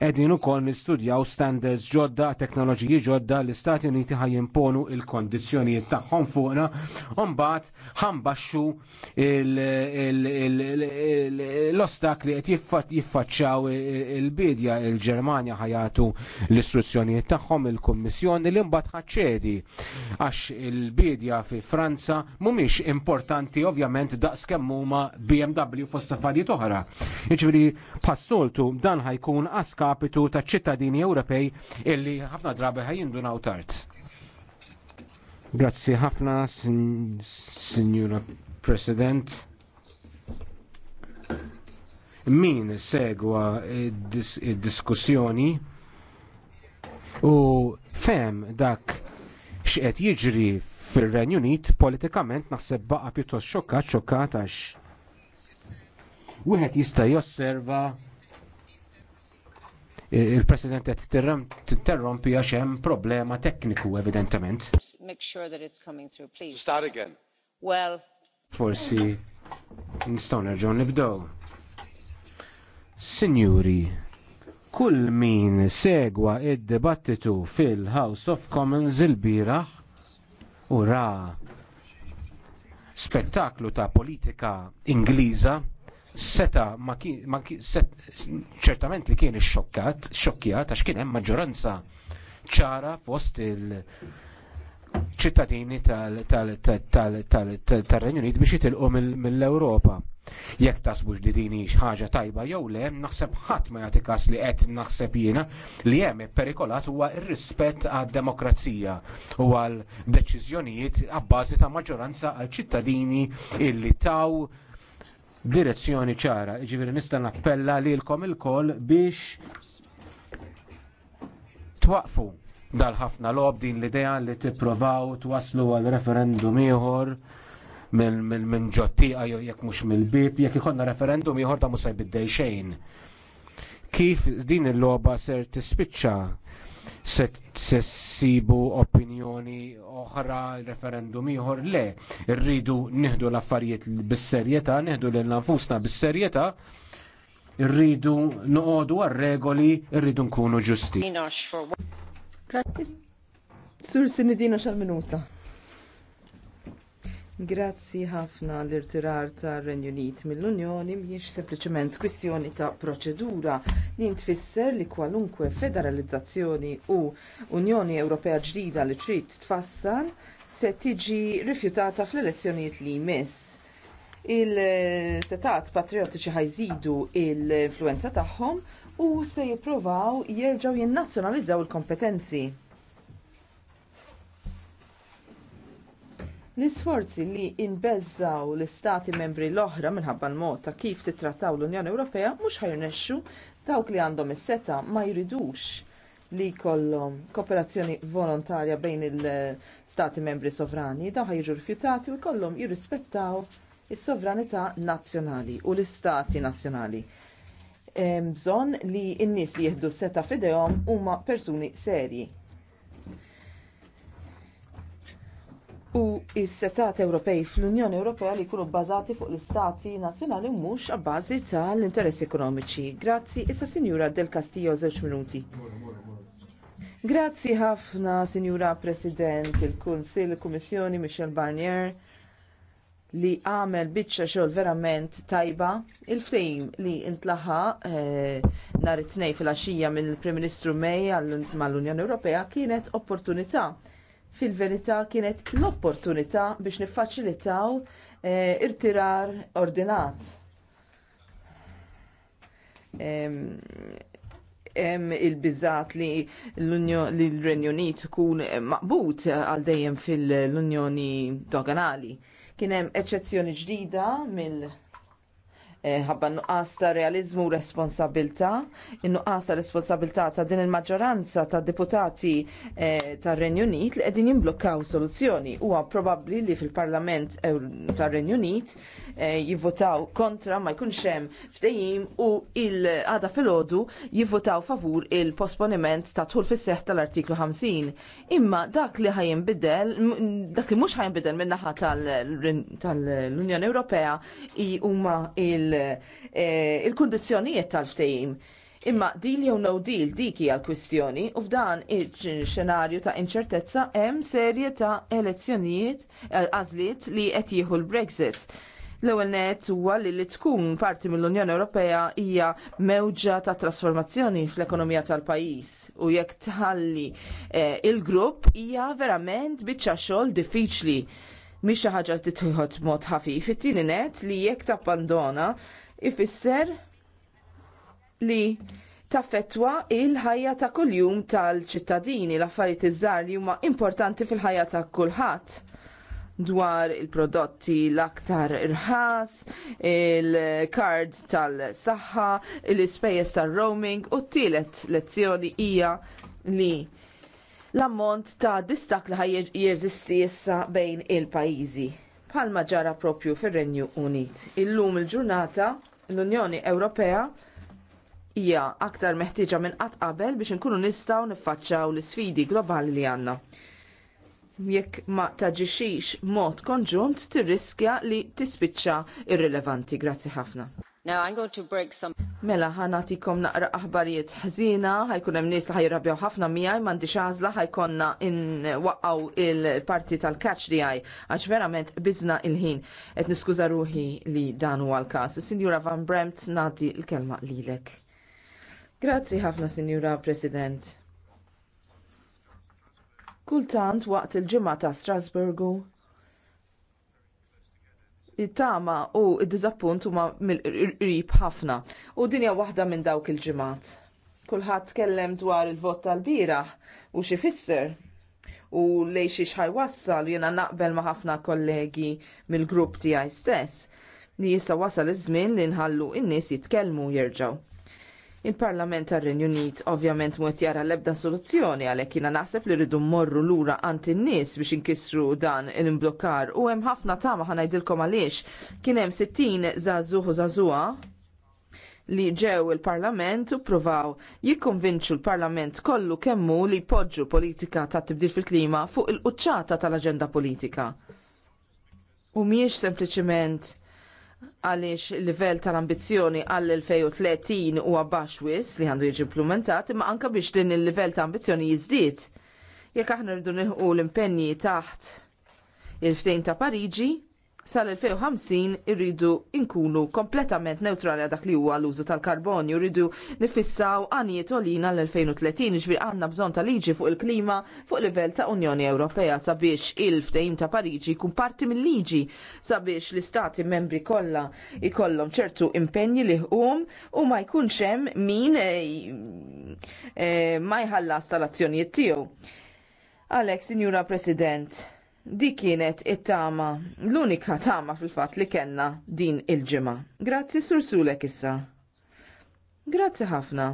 Qegħdin ukoll nistudjaw standards ġodda, teknoloġiji ġodda l-Istati Uniti ħajjimponu il-kondizzjonijiet tagħhom fuqna u mbagħad ħambaxxu l-ostakli qed jiffaċċaw il-bidja il-Ġermanja ħajatu l-istruzzjonijiet tagħhom il-Kummissjoni li mbagħad ħaċċedi għax il-bidja fi Franza mhumiex importanti ovvjament daqs kemm huma BMW fost affarijiet oħra. Jiġifieri passoltu dan ħajkun askapitu ta' ċittadini Ewropej illi ħafna drabi ħajjindunaw tard. Grazzi ħafna, Signora President min segwa id-diskussjoni u fem dak x'qed jiġri fir-Renju Unit politikament naħseb baqa' pjuttost xokkat xokkat għax wieħed jista' josserva il-President qed titterrompi għax hemm problema tekniku evidentement. Make sure that it's coming through, please. Start again. Well. Forsi nistgħu nerġgħu nibdew. Sinjuri, kull min segwa id-dibattitu fil-House of Commons il-bieraħ u ra spettaklu ta' politika Ingliża seta ma kien set, ċertament li kien xokkat xokkjat għax kien hemm maġġoranza ċara fost il ċittadini tal-Renju Unit biex jitilqu mill-Ewropa. Jekk tasbu li dini ħaġa tajba jew le, naħseb ħadd ma jagħti kas li qed naħseb jiena li hemm perikolat huwa r-rispett għad-demokrazija u għal deċiżjonijiet abbażi ta' maġġoranza għal ċittadini illi taw direzzjoni ċara. Ġifieri nista' nappella lilkom ilkoll biex twaqfu dal-ħafna lob din l-idea li tippruvaw twaslu għal referendum ieħor minn ġottija jew jekk mhux mill-bib, jekk ikollna referendum ieħor ta' musaj se xejn. Kif din il-logħba ser tispiċċa se ssibu opinjoni oħra referendum ieħor le rridu nieħdu l-affarijiet bis-serjetà, nieħdu lil nafusna bis-serjetà rridu noqogħdu għar-regoli, rridu nkunu ġusti. Sur sinidina xal-minuta. Grazzi ħafna l-irtirar tar renju Unit mill-Unjoni mhijiex sempliċement kwistjoni ta' proċedura li tfisser li kwalunkwe federalizzazzjoni u Unjoni Ewropea ġdida li trid tfassal se tiġi rifjutata fl-elezzjonijiet li jmiss. Il-setat patriotiċi ħajżidu l-influenza tagħhom u se jippruvaw jerġgħu jinnazzjonalizzaw il-kompetenzi. L-isforzi li nbeżżaw l-istati membri l-oħra minħabba l-mod ta' kif titrattaw l-Unjoni Ewropea mhux ħajrnexxu dawk li għandhom is-seta ma jridux li jkollhom kooperazzjoni volontarja bejn il-stati membri sovrani daw ħajġu rifjutati u jkollhom jirrispettaw is-sovranità nazzjonali u l-istati nazzjonali bżonn li n-nies li jieħdu seta f'idejhom huma persuni serji. U s-setat Ewropej fl-Unjoni Ewropea li jkunu bbażati fuq l-istati nazzjonali mhux abbażi tal-interessi ekonomiċi. Grazzi, issa Sinjura Del Castillo żewġ minuti. Grazzi ħafna, Sinjura President, il-Kunsill, il-Kummissjoni, Michel Barnier li għamel biċċa xogħol verament tajba. Il-ftejm li intlaħa eh, nhar it-tnejn fil-għaxija minn il-Prim Ministru May mal-Unjoni Ewropea kienet opportunità. Fil-verità kienet l-opportunità biex niffaċilitaw eh, irtirar ordinat. Em, hemm il-biżat li l-Renju Unit tkun maqbut għal dejjem fil-Unjoni Doganali. Kien hemm eċċezzjoni ġdida mill ħabba nuqqas ta' realizmu u responsabilta, nuqqas ta' responsabilta ta' din il-maġġoranza ta' deputati eh, ta' Renju Unit li qegħdin jimblokkaw soluzzjoni. Huwa probabbli li fil-Parlament ta' Renju Unit eh, jivvotaw kontra ma jkunx hemm f'dejjim u il-għada filgħodu jivvotaw favur il-posponiment ta' tħul fis-seħħ tal-artiklu 50. Imma dak li bidel, dak li mhux ħajinbidel min-naħa tal-Unjoni Ewropea huma il- Eh, il-kundizzjonijiet tal-ftehim. Imma deal jew no deal dik hija l-kwistjoni u f'dan il-xenarju ta' inċertezza hemm serje ta' elezzjonijiet eh, għażliet li qed jieħu l-Brexit. L-ewwel net huwa li li tkun parti mill-Unjoni Ewropea hija mewġa ta' trasformazzjoni fl-ekonomija tal-pajjiż u jekk tħalli l eh, il-grupp hija verament biċċa xogħol diffiċli mhix xi ħaġa li tħod mod ħafif. It-tieni net li jekk tabbandona ifisser li taffettwa il-ħajja ta' kuljum tal-ċittadini l-affarijiet iż-żgħar li huma importanti fil-ħajja ta' kulħadd dwar il-prodotti l-aktar irħas, il-kard tal-saħħa, l-ispejjeż il prodotti l aktar irħas il kard tal saħħa l ispejjeż tal roaming u t-tielet lezzjoni hija li l-ammont ta' distak li ħaj jeżisti issa bejn il-pajjiżi. Palma ġara propju fir-Renju Unit. Illum il-ġurnata l-Unjoni Ewropea hija aktar meħtieġa minn qatt qabel biex inkunu nistgħu niffaċċaw l-isfidi globali li għandna. Jekk ma taġixix mod konġunt tirriskja li tispiċċa irrilevanti. Grazzi ħafna. Now I'm going to break some Mela ħanatikom naqra aħbarijiet ħażina, ħajkun hemm nies li ħajrabjaw ħafna miegħi m'għandix għażla ħajkonna inwaqgħu il-parti tal-catch li għaj għax verament biżna il-ħin qed niskuża ruħi li dan huwa l-każ. Sinjura Van Bremt nagħti l-kelma lilek. Grazzi ħafna Sinjura President. Kultant waqt il-ġimgħa ta' Strasburgu tama u id-dizappunt huma mill-qrib ħafna. U dinja waħda minn dawk il-ġimgħat. Kulħadd tkellem dwar il-vot tal-bieraħ u xi fisser u lej xi wassal jiena naqbel ma' ħafna kollegi mill-grupp tiegħi stess li jista wasal iż-żmien li nħallu in-nies jitkellmu jerġgħu. Il-Parlament tar-Renju Unit ovvjament mod jara l-ebda soluzzjoni għalhekk jiena naħseb li rridu mmorru lura għand in-nies biex inkissru dan l-imblokkar u hemm ħafna tama ħanajdilkom għaliex kien hemm 60 żagħżugħ u li ġew il-Parlament u provaw jikkonvinċu l-Parlament kollu kemmu li poġġu politika ta' tibdil fil-klima fuq il-quċċata tal-aġenda politika. U miex sempliċement għaliex livell tal-ambizzjoni għall-2030 huwa baxx wis li għandu jiġi implementat, imma anke biex din il-livell ta' ambizzjoni jiżdied. Jekk aħna rridu nilħu l-impenji taħt il-ftejn ta' Pariġi, sal-2050 irridu nkunu kompletament neutrali għal dak li huwa l-użu tal-karbonju, irridu nifissaw għanijiet olina l-2030 ġvir għanna bżon tal-liġi fuq il-klima fuq livell ta' Unjoni Ewropea sabiex il ftejim ta' Pariġi jkun parti mill-liġi sabiex l-istati membri kollha ikollhom ċertu impenji li hum u ma jkunx hemm min eh, eh, ma jħallas tal-azzjonijiet tiegħu. Alex, Signora President, Di kienet it-tama, l-unika tama fil-fat li kenna din il ġima Grazzi sursulek issa. Grazzi ħafna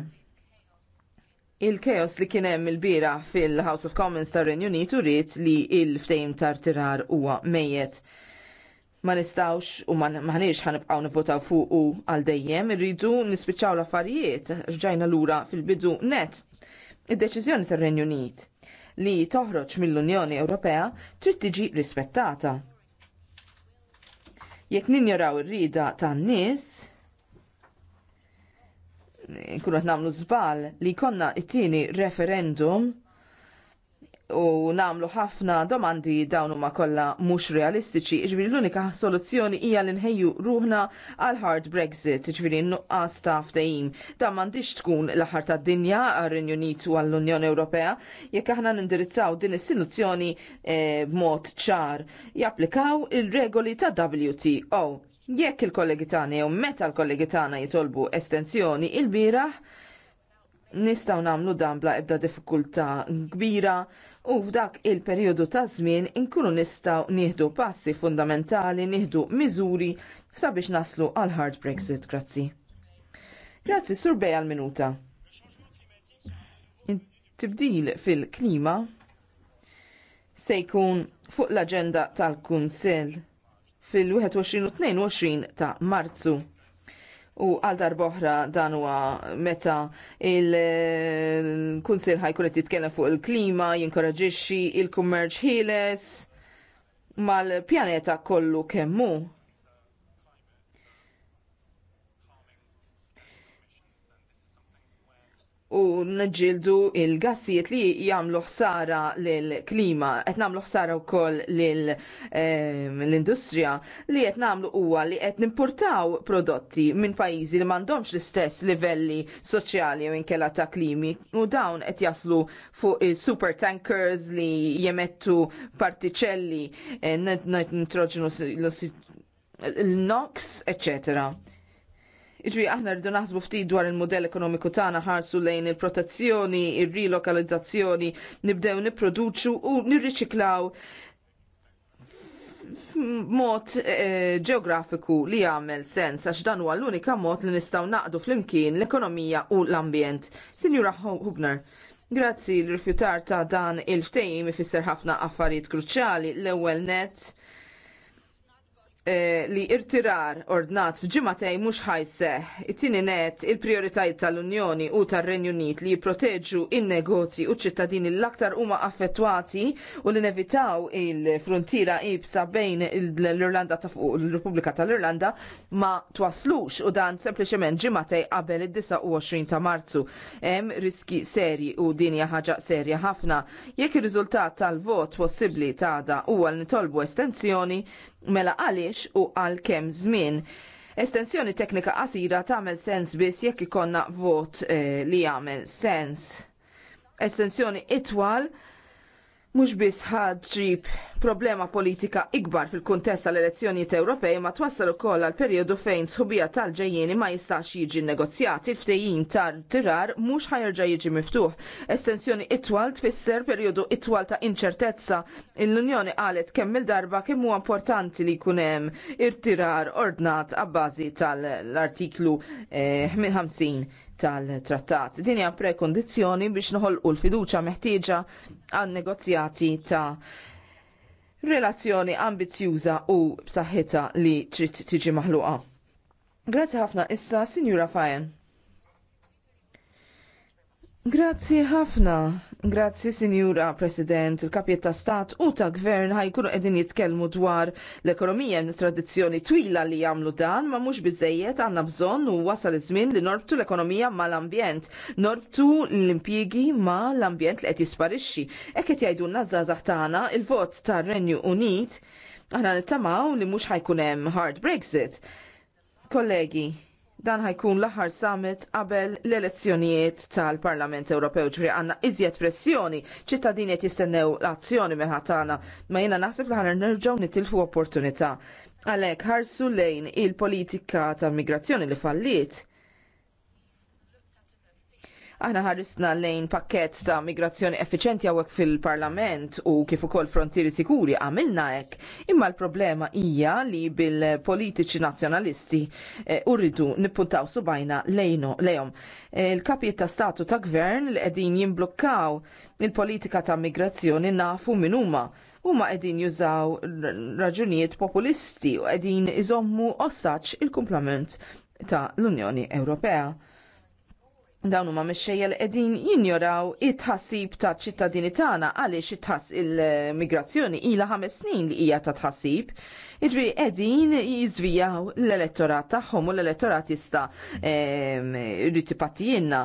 il-keos li kien hemm il-bira fil-House of Commons tar renju Unit uriet li il-ftejm tar-tirar huwa mejjed. Ma nistawx u ma ħanix ħanibqaw nivvotaw fuq u għal dejjem irridu nispiċċaw l-affarijiet rġajna lura fil-bidu net. Id-deċiżjoni tar renju Unit li toħroġ mill-Unjoni Ewropea trid tiġi rispettata. Jekk ninjoraw ir-rida tan-nies, nkunu qed nagħmlu żball li jkollna t-tieni referendum u namlu ħafna domandi dawn huma kollha mhux realistiċi, ġifieri l-unika soluzzjoni hija li nħejju ruħna għal hard Brexit, jiġifieri n nuqqas ta' ftehim. Dan m'għandix tkun l-aħħar tad-dinja għar-Renju Unit u għall-Unjoni Ewropea, jekk aħna nindirizzaw din is-soluzzjoni eh, b'mod ċar. Japplikaw il-regoli ta' WTO. Jekk il-kollegi tagħna jew meta l-kollegi tagħna jitolbu estensjoni il-bieraħ, nistaw namlu dan bla ebda diffikultà kbira u f'dak il-perjodu ta' żmien inkunu nistgħu nieħdu passi fundamentali, nieħdu miżuri sabiex naslu għal hard Brexit. Grazzi. Grazzi, Sur Bej għal minuta. Tibdil fil-klima se jkun fuq l-aġenda tal-Kunsell fil-21 u 22 ta' Marzu U għal darboħra dan huwa meta il-kunsil ħajkun qed jitkellem fuq il-klima, jinkoraġixxi il-kummerċ ħieles mal-pjaneta kollu kemmu. u nġildu il-gassijiet li jagħmlu ħsara lill-klima, qed nagħmlu ħsara wkoll lill-industrija ehm, li qed nagħmlu huwa li qed nimpurtaw prodotti minn pajjiżi li m'għandhomx l-istess livelli soċjali u inkella ta' klimi u dawn qed jaslu fuq super tankers li jemettu partiċelli eh, nitroġenu l-nox, eccetera. Iġri aħna rridu naħsbu ftit dwar il-modell ekonomiku tagħna ħarsu lejn il-protezzjoni, ir-rilokalizzazzjoni, nibdew nipproduċu u nirriċiklaw mod eh, ġeografiku li għamel sens għax dan huwa l-unika mod li nistgħu naqdu flimkien l-ekonomija u l-ambjent. Sinjura Hubner, grazzi l-rifjutar ta' dan il-ftejim ifisser ħafna affarijiet kruċjali l-ewwel net Eh, li irtirar ordnat f'ġimatej mhux ħajseħ. It-tieni net il-prijoritajiet tal-Unjoni u tar-Renju Unit li jipproteġu n negozji u ċ-ċittadini l-aktar huma affettwati u li nevitaw il-frontiera ibsa bejn l-Irlanda ta' fuq l-Repubblika tal-Irlanda ma twaslux u dan sempliċement ġimatej qabel id-29 ta' Marzu. Hemm riski seri u din hija ħaġa serja ħafna. Jekk ir-riżultat tal-vot possibbli tada huwa l nitolbu estensjoni, Mela għalix u għal kemm żmien. Estensjoni teknika qasira tagħmel sens biss jekk ikonna vot eh, li jagħmel sens. Estensjoni itwal mhux biss ħadġib problema politika ikbar fil-kuntest tal-elezzjonijiet Ewropej ma twassal ukoll għal perjodu fejn sħubija tal-ġejjieni ma jistax jiġi negozjati il-ftejjin tar-tirar mhux ħajerġa' jiġi miftuħ. Estensjoni itwal tfisser perjodu itwal ta' inċertezza. L-Unjoni qalet kemm il-darba kemm huwa importanti li jkun hemm tirar ordnat għabbażi tal-artiklu 50 eh, tal-trattat. Din hija prekondizzjoni biex noħolqu l-fiduċja meħtieġa għan negozjati ta' relazzjoni ambizjuża u b'saħħitha li trid tiġi maħluqa. Grazzi ħafna issa, Sinjura Fajen. Grazzi ħafna. Grazzi, Sinjura President. il kapjet ta' stat u ta' gvern ħajkunu edin jitkellmu dwar l-ekonomija tradizzjoni twila li jagħmlu dan, ma mhux biżejjed għandna bżonn u wasal iż-żmien li norbtu l-ekonomija mal-ambjent, norbtu l-impjiegi ma l-ambjent li qed jisparixxi. Hekk qed jgħidulna żgħażagħ tagħna il-vot tar-Renju Unit aħna nittamaw li mhux ħajkun hemm hard Brexit. Kollegi, Dan ħajkun l-aħħar summit qabel l-elezzjonijiet tal-Parlament Ewropew ġri għanna iżjed pressjoni ċittadini jistennew azzjoni meħatana ma jiena naħseb li ħanar nerġgħu nitilfu opportunità. Għalhekk ħarsu lejn il-politika ta' migrazzjoni li falliet Aħna ħarisna lejn pakket ta' migrazzjoni effiċenti għawek fil-parlament u kif ukoll frontieri sikuri għamilna hekk. Imma l-problema hija li bil-politiċi nazzjonalisti eh, urridu nippuntaw subajna lejno lejhom. Il-kapijiet eh, ta' statu ta' gvern li qegħdin jimblokkaw il-politika ta' migrazzjoni nafu minn huma huma qegħdin jużaw raġunijiet populisti u qegħdin iżommu ostaċ il-kumplament ta' l-Unjoni Ewropea dawn huma mixxejja li qegħdin jinjoraw it-tħassib ta' ċittadini tagħna għaliex it-tħass il-migrazzjoni ilha ħames snin li hija ta' tħassib. Iġri qegħdin jiżvijaw l-elettorat tagħhom u l-elettorat jista' rrid ipattijna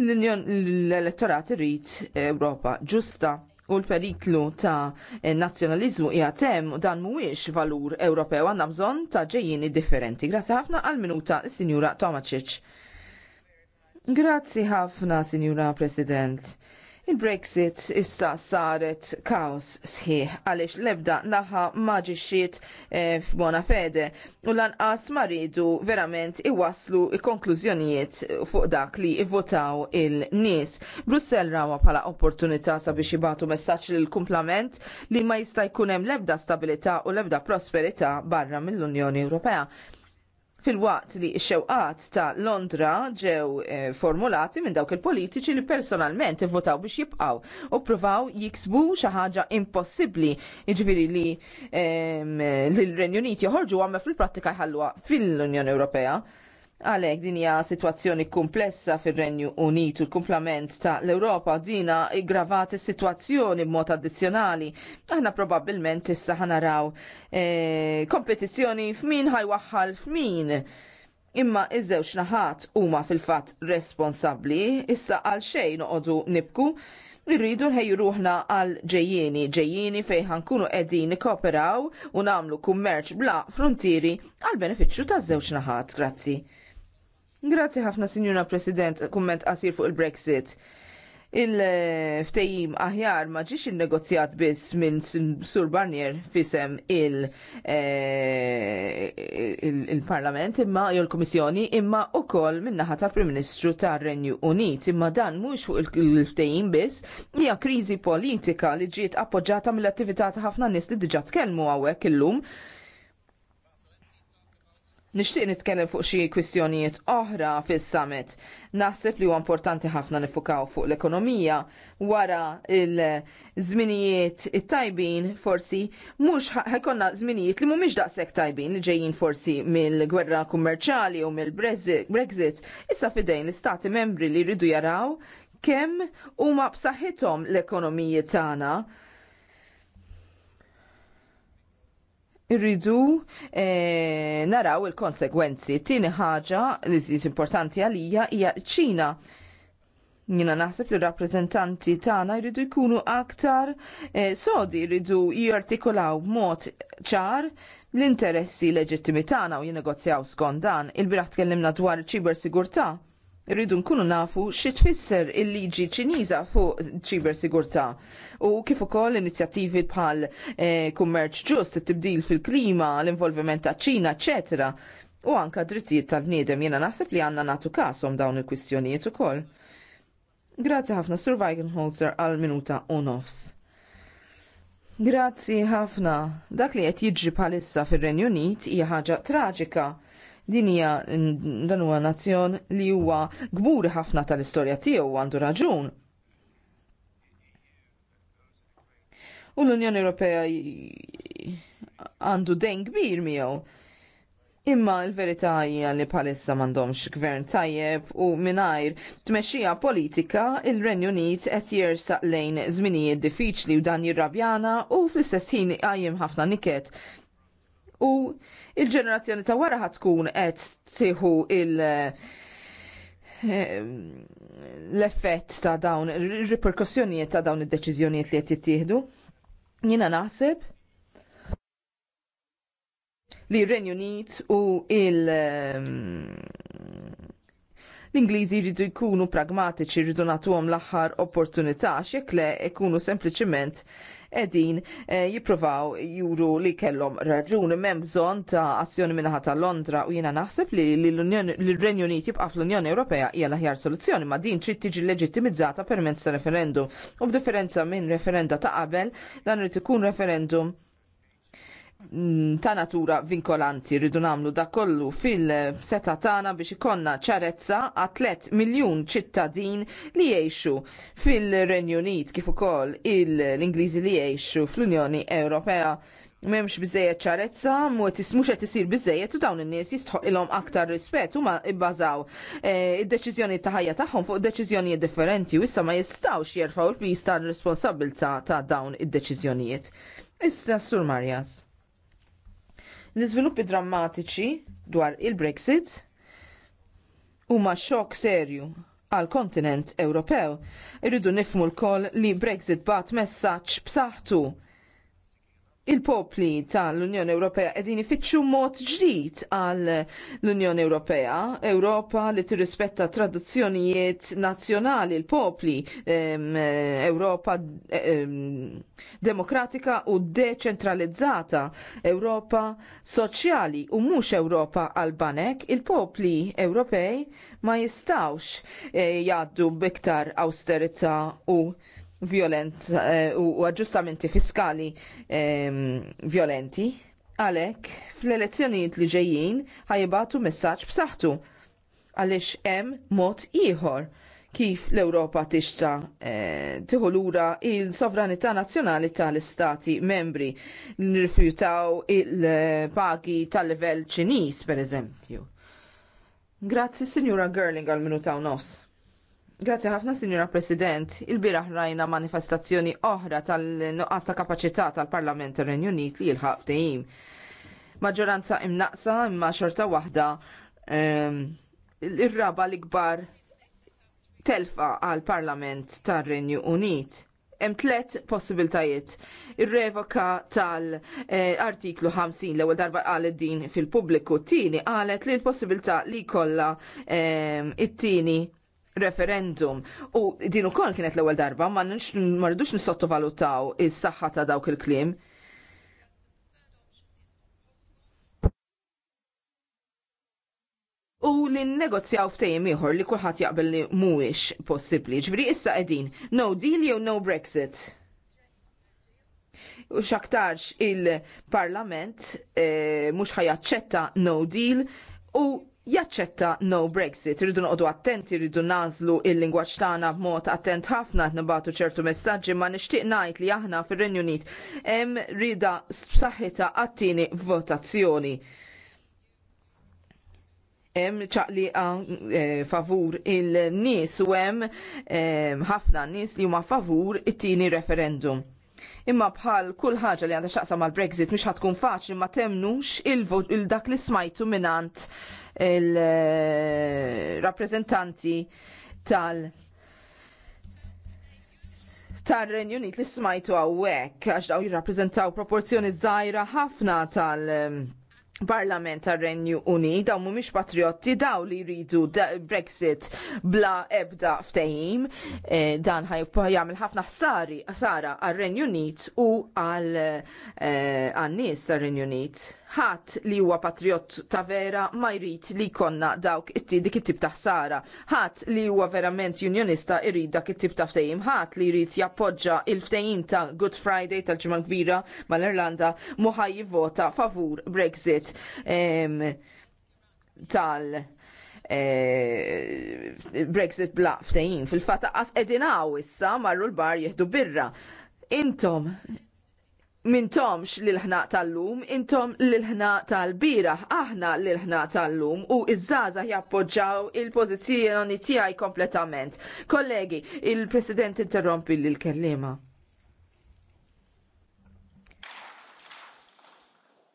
L-elettorat irrid eh, Ewropa ġusta u l-periklu ta' eh, nazzjonaliżmu hija tem u dan mhuwiex valur Ewropew għandna bżonn ta' ġejjini differenti. Grazzi ħafna għal minuta s-Sinjura Tomaċiċ. Grazzi ħafna, Sinjura President. Il-Brexit issa saret kaos sħiħ għaliex l-ebda naħa maġixiet eh, f'bona fede u lanqas maridu verament iwaslu konklużjonijiet fuq dak li votaw il-nies. Brussell rawa bħala opportunità sabiex jibatu messaġġ l kumplament li ma jista' jkun hemm l-ebda stabilità u l-ebda prosperità barra mill-Unjoni Ewropea fil-waqt li x-xewqat ta' Londra ġew eh, formulati minn dawk il-politiċi li personalment votaw biex jibqaw u provaw jiksbu xi ħaġa impossibbli jiġifieri li ehm, l-Renju Uniti joħorġu għamme fil-prattika jħalluha fil-Unjoni Ewropea. Għalek din hija situazzjoni komplessa fir-Renju Unit u l-kumplament ta' l-Ewropa dina iggravat is-sitwazzjoni b'mod addizzjonali. Aħna probabbilment issa ħanaraw e, kompetizzjoni f'min ħajwaħħal f'min. Imma iż-żewġ naħat huma fil-fatt responsabbli, issa għal xejn noqogħdu nibku irridu nħejju ruħna għal ġejjini, ġejjini fejn ħankunu qegħdin nikoperaw u nagħmlu kummerċ bla frontieri għal benefiċċju taż-żewġ naħat. Grazzi. Grazzi ħafna, Sinjura President, kumment qasir fuq il-Brexit il-ftejim aħjar ma il-negozjat biss minn Sur Barnier fisem eh, il-Parlament il imma jew l-Komissjoni imma koll minnaħa tal-Prim Ministru tar-Renju Unit imma dan mhux fuq il-ftejim biss Mija kriżi politika li ġiet appoġġata mill-attività ta' ħafna nies li diġà tkellmu hawnhekk illum Nixtieq nitkellem fuq xi kwistjonijiet oħra fis-summit. Naħseb li huwa importanti ħafna nifukaw fuq l-ekonomija wara il-żminijiet it-tajbin forsi mhux ħajkonna żminijiet li mhumiex daqshekk tajbin li ġejjin forsi mill-gwerra kummerċjali u mill-Brexit. Issa fidejn l-istati membri li jridu jaraw kemm huma b'saħħithom l-ekonomiji tagħna irridu eh, naraw il-konsekwenzi. Tini ħaġa li żiet importanti għalija hija ċina. Jina naħseb li rappreżentanti tagħna jridu jkunu aktar eh, sodi jridu jartikolaw b'mod ċar l-interessi leġittimi tagħna u jinnegozjaw skont dan. Il-biraħ tkellimna dwar ċiber sigurtà Irridu nkunu nafu xi tfisser il-liġi Ċiniża fuq ċiber sigurtà u kif ukoll inizjattivi bħal eh, kummerċ ġust, it-tibdil fil-klima, l-involviment ta' Ċina, eċetera. U anka drittijiet tal-bniedem jiena naħseb li għandna nagħtu kasom dawn il-kwistjonijiet ukoll. Grazzi ħafna Sir Weigenholzer għal minuta u nofs. Grazzi ħafna. Dak li qed jiġri bħalissa fir-Renju Unit hija ħaġa traġika Din hija dan huwa nazzjon li huwa gburi ħafna tal-istorja tiegħu għandu raġun. U l-Unjoni Ewropea għandu dejn kbir miegħu. Imma l-verità hija li bħalissa m'għandhomx gvern tajjeb u mingħajr tmexxija politika il-Renju Unit qed jersaq lejn żminijiet diffiċli u dan jirrabjana u fl-istess ħin qajjem ħafna niket. U il-ġenerazzjoni ta' wara ħad tkun qed tieħu il- ehm, l-effett ta' dawn, il-riperkussjonijiet ta' dawn id-deċiżjonijiet li qed jittieħdu. Jiena naħseb li Renju Unit u il- ehm, L-Ingliżi jridu jkunu pragmatiċi, jridu nagħtuhom l-aħħar opportunità x'jekk le jkunu sempliċiment edin e, eh, juru li kellhom raġuni m'hemm bżonn ta' azzjoni minnaħa ta' Londra u jiena naħseb li l-Renju Unit jibqa' fl-Unjoni Ewropea hija l-aħjar soluzzjoni ma' din trid tiġi leġittimizzata permezz ta' referendum u b'differenza minn referenda ta' qabel dan irid ikun referendum Mm, ta' natura vinkolanti rridu nagħmlu da kollu fil-seta tagħna biex ikonna ċarezza għat tliet miljun ċittadin li jgħixu fil-Renju Unit kif ukoll l-Ingliżi li jgħixu fl-Unjoni Ewropea m'hemmx biżejjed ċarezza, mhux qed isir biżejjed u dawn in-nies jistħoq aktar rispett huma bbażaw eh, id-deċiżjoni ta' ħajja tagħhom fuq deċiżjonijiet differenti u issa ma jistgħux jerfgħu l pista tal responsabbilta ta' dawn id-deċiżjonijiet. Issa Sur Marjas. L-iżviluppi drammatiċi dwar il-Brexit huma xokk serju għal kontinent Ewropew. Irridu nifmu l li Brexit bat messaġġ b'saħħtu il-popli tal-Unjoni Ewropea qegħdin ifittxu mod ġdid għal l-Unjoni Ewropea, Ewropa li tirrispetta traduzzjonijiet nazzjonali l-popli, Ewropa demokratika u deċentralizzata, Ewropa soċjali u mhux Ewropa għal-banek, il-popli Ewropej ma jistawx eh, jgħaddu biktar austerità u violent eh, u aġġustamenti fiskali ehm, violenti, għalek fl-elezzjonijiet li ġejjin ħajibatu messaġġ b'saħħtu għaliex hemm mod ieħor kif l-Ewropa tixta eh, tieħu lura il-sovranità nazzjonali tal-istati membri li nirrifjutaw il-pagi tal-livell Ċiniż pereżempju. Grazzi, Sinjura Gerling, għal-minuta u nofs. Grazie ħafna, Signora President. Il-biraħ rajna manifestazzjoni oħra tal-nuqqas ta' kapacità tal-Parlament Renju Unit li jilħaq ftehim. Maġġoranza imnaqsa imma xorta waħda ehm, ir-raba l-ikbar telfa għal Parlament tar-Renju Unit hemm tliet possibiltajiet. Ir-revoka tal-artiklu eh, 50 l-ewwel darba qalet din fil-pubbliku, tieni qalet li l-possibilità li jkollha ehm, it-tieni referendum. U din ukoll kienet l-ewwel darba ma rridux nissottovalutaw is-saħħa ta' dawk il-kliem. U li negozjaw ftejjem ieħor li kulħadd jaqbel li mhuwiex possibbli. Ġifieri issa qegħdin no deal jew no Brexit. U xaktarx il-parlament eh, mhux ħajaċċetta no deal u jaċċetta no Brexit. Irridu noqdu attenti, rridu nażlu il-lingwaġġ tagħna b'mod attent ħafna qed nibagħtu ċertu messaġġi ma nixtieq ngħid li aħna fir-Renju Unit hemm rida b'saħħitha għat-tieni votazzjoni. Hemm ċaqli eh, favur il-nies u hemm eh, ħafna nies li huma favur it-tieni referendum. Imma bħal kull ħaġa li għandha xaqsa mal-Brexit mhux ħatkun faċli ma temnux il-dak il li smajtu minant il-rappresentanti tal- tar-Renju Unit li smajtu għawek, għax daw jirrappreżentaw proporzjoni żgħira ħafna tal- Parlament tar-Renju Uni dawn mhumiex patriotti daw li jridu Brexit bla ebda ftehim eh, dan jagħmel ħafna ħsari ħsara għar-Renju Unit u għal eh, għan-nies tar-Renju Unit. Ħadd li huwa patriott ta' vera ma jrid li jkollna dawk it dik it-tip ta' ħsara. Ħadd li huwa verament unjonista jrid dak it-tip ta' ftehim. Ħadd li jrid jappoġġa il-ftehim ta' Good Friday tal-ġimgħa kbira mal-Irlanda mu jivvota favur Brexit tal- eh, Brexit bla ftejjin fil fatta qas qegħdin issa marru l-bar jieħdu birra. Intom mintomx l ħna tal-lum, intom l ħna tal-biraħ, aħna l ħna tal-lum u iż-żaza jappoġġaw il-pozizjoni tiegħi kompletament. Kollegi, il-President interrompi l-kellima.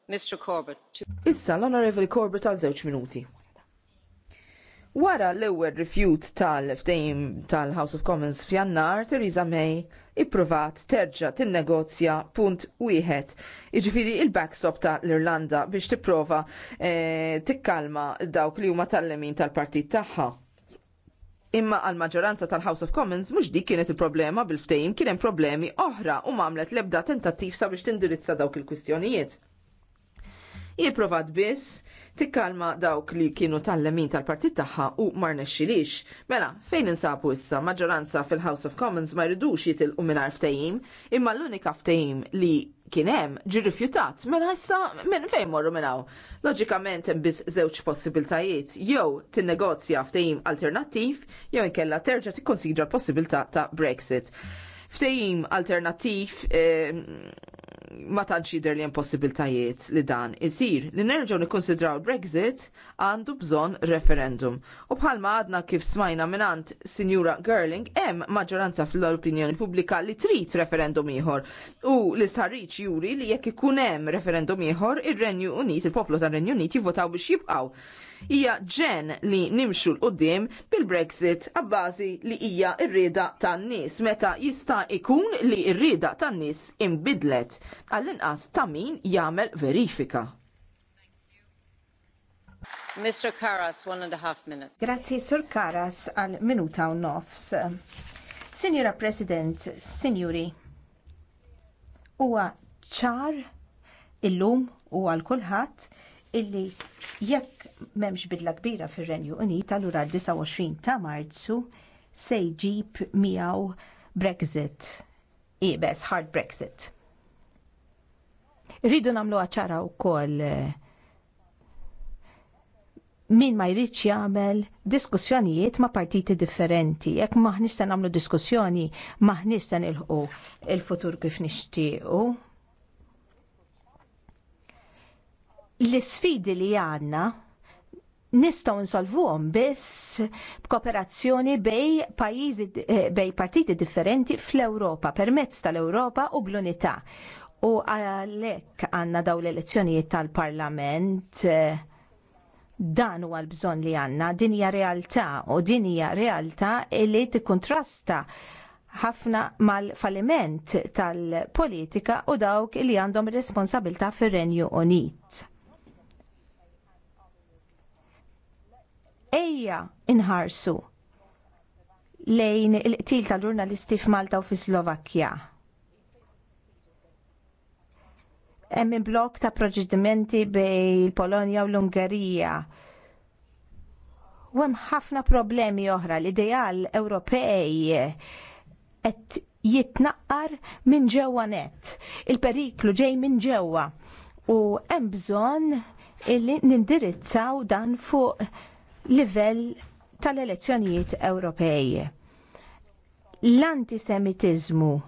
Mr. Corbett. Issa l-Onorevoli Corbett għal żewġ minuti. Wara l-ewwel rifjut tal-ftehim tal-House of Commons f'Jannar, Theresa May ippruvat terġa' tinnegozja punt wieħed. Jiġifieri il-backstop ta' l-Irlanda biex tipprova eh, tikkalma dawk li huma tal-lemin tal-partit tagħha. Imma għal maġġoranza tal-House of Commons mhux dik kienet il-problema bil-ftehim kien hemm problemi oħra u um mamlet l-ebda tentattiv sabiex tindirizza dawk il-kwistjonijiet jipprovat biss tikkalma dawk li kienu tal-lemin tal-partit tagħha u ma nexxilix. Mela, fejn insabu issa maġġoranza fil-House of Commons ma jridux jitilqu mingħajr ftehim, imma l-unika ftehim li kien hemm ġi rifjutat, mela issa minn fejn morru minn hawn. Loġikament hemm biss żewġ possibiltajiet jew tinnegozja ftehim alternattiv jew inkella terġa' tikkonsidra l-possibilità ta' Brexit. Ftehim alternattiv eh, ma tantx jidher li hemm possibiltajiet li dan isir, li nerġgħu nikkonsidraw Brexit għandu bżonn referendum. U bħalma għadna kif smajna minant Sinjura Gerling hemm maġġoranza fl-opinjoni pubblika li trid referendum ieħor u l-istħarriġ juri li jekk ikun hemm referendum ieħor ir-Renju Unit, il-poplu tar-Renju Unit jivvotaw biex jibqgħu hija ġen li nimxu l qudiem bil-Brexit abbażi li hija rrieda tan-nies meta jista' ikun li rrieda tan-nies imbidlet għall-inqas ta' min jagħmel verifika. Mr. Karas, one and a half minutes. Grazzi, Sur Karas, għal minuta u nofs. Signora President, Signori, huwa ċar illum u għal kulħadd illi jekk m'hemmx bidla kbira fir-Renju Unit allura 29 ta' Marzu se jġib miegħu Brexit. Ibes, hard Brexit. Rridu nagħmlu ċara wkoll eh, min ma jridx jagħmel diskussjonijiet ma' partiti differenti. Jekk maħniex se nagħmlu diskussjoni, maħniex se nilħu il-futur kif nixtiequ. l isfidi li għandna nistgħu nsolvuhom biss b'kooperazzjoni bej pajjiżi eh, bej partiti differenti fl-Ewropa permezz tal-Ewropa u bl-unità. U għalhekk għandna dawn l-elezzjonijiet tal-Parlament eh, dan huwa l-bżonn li għandna, din hija realtà u din hija realtà li tikkuntrasta ħafna mal-falliment tal-politika u dawk li għandhom responsabilta fir-Renju Unit. Ejja inħarsu lejn il-qtil tal-ġurnalisti f'Malta u fi Slovakkja. Hemm blok ta' proċedimenti bej il-Polonja u l-Ungerija. U hemm ħafna problemi oħra l-ideal Ewropej qed jitnaqqar minn ġewwa net. Il-periklu ġej minn ġewwa u hemm bżonn illi nindirizzaw dan fuq livell tal-elezzjonijiet Ewropej. L-antisemitizmu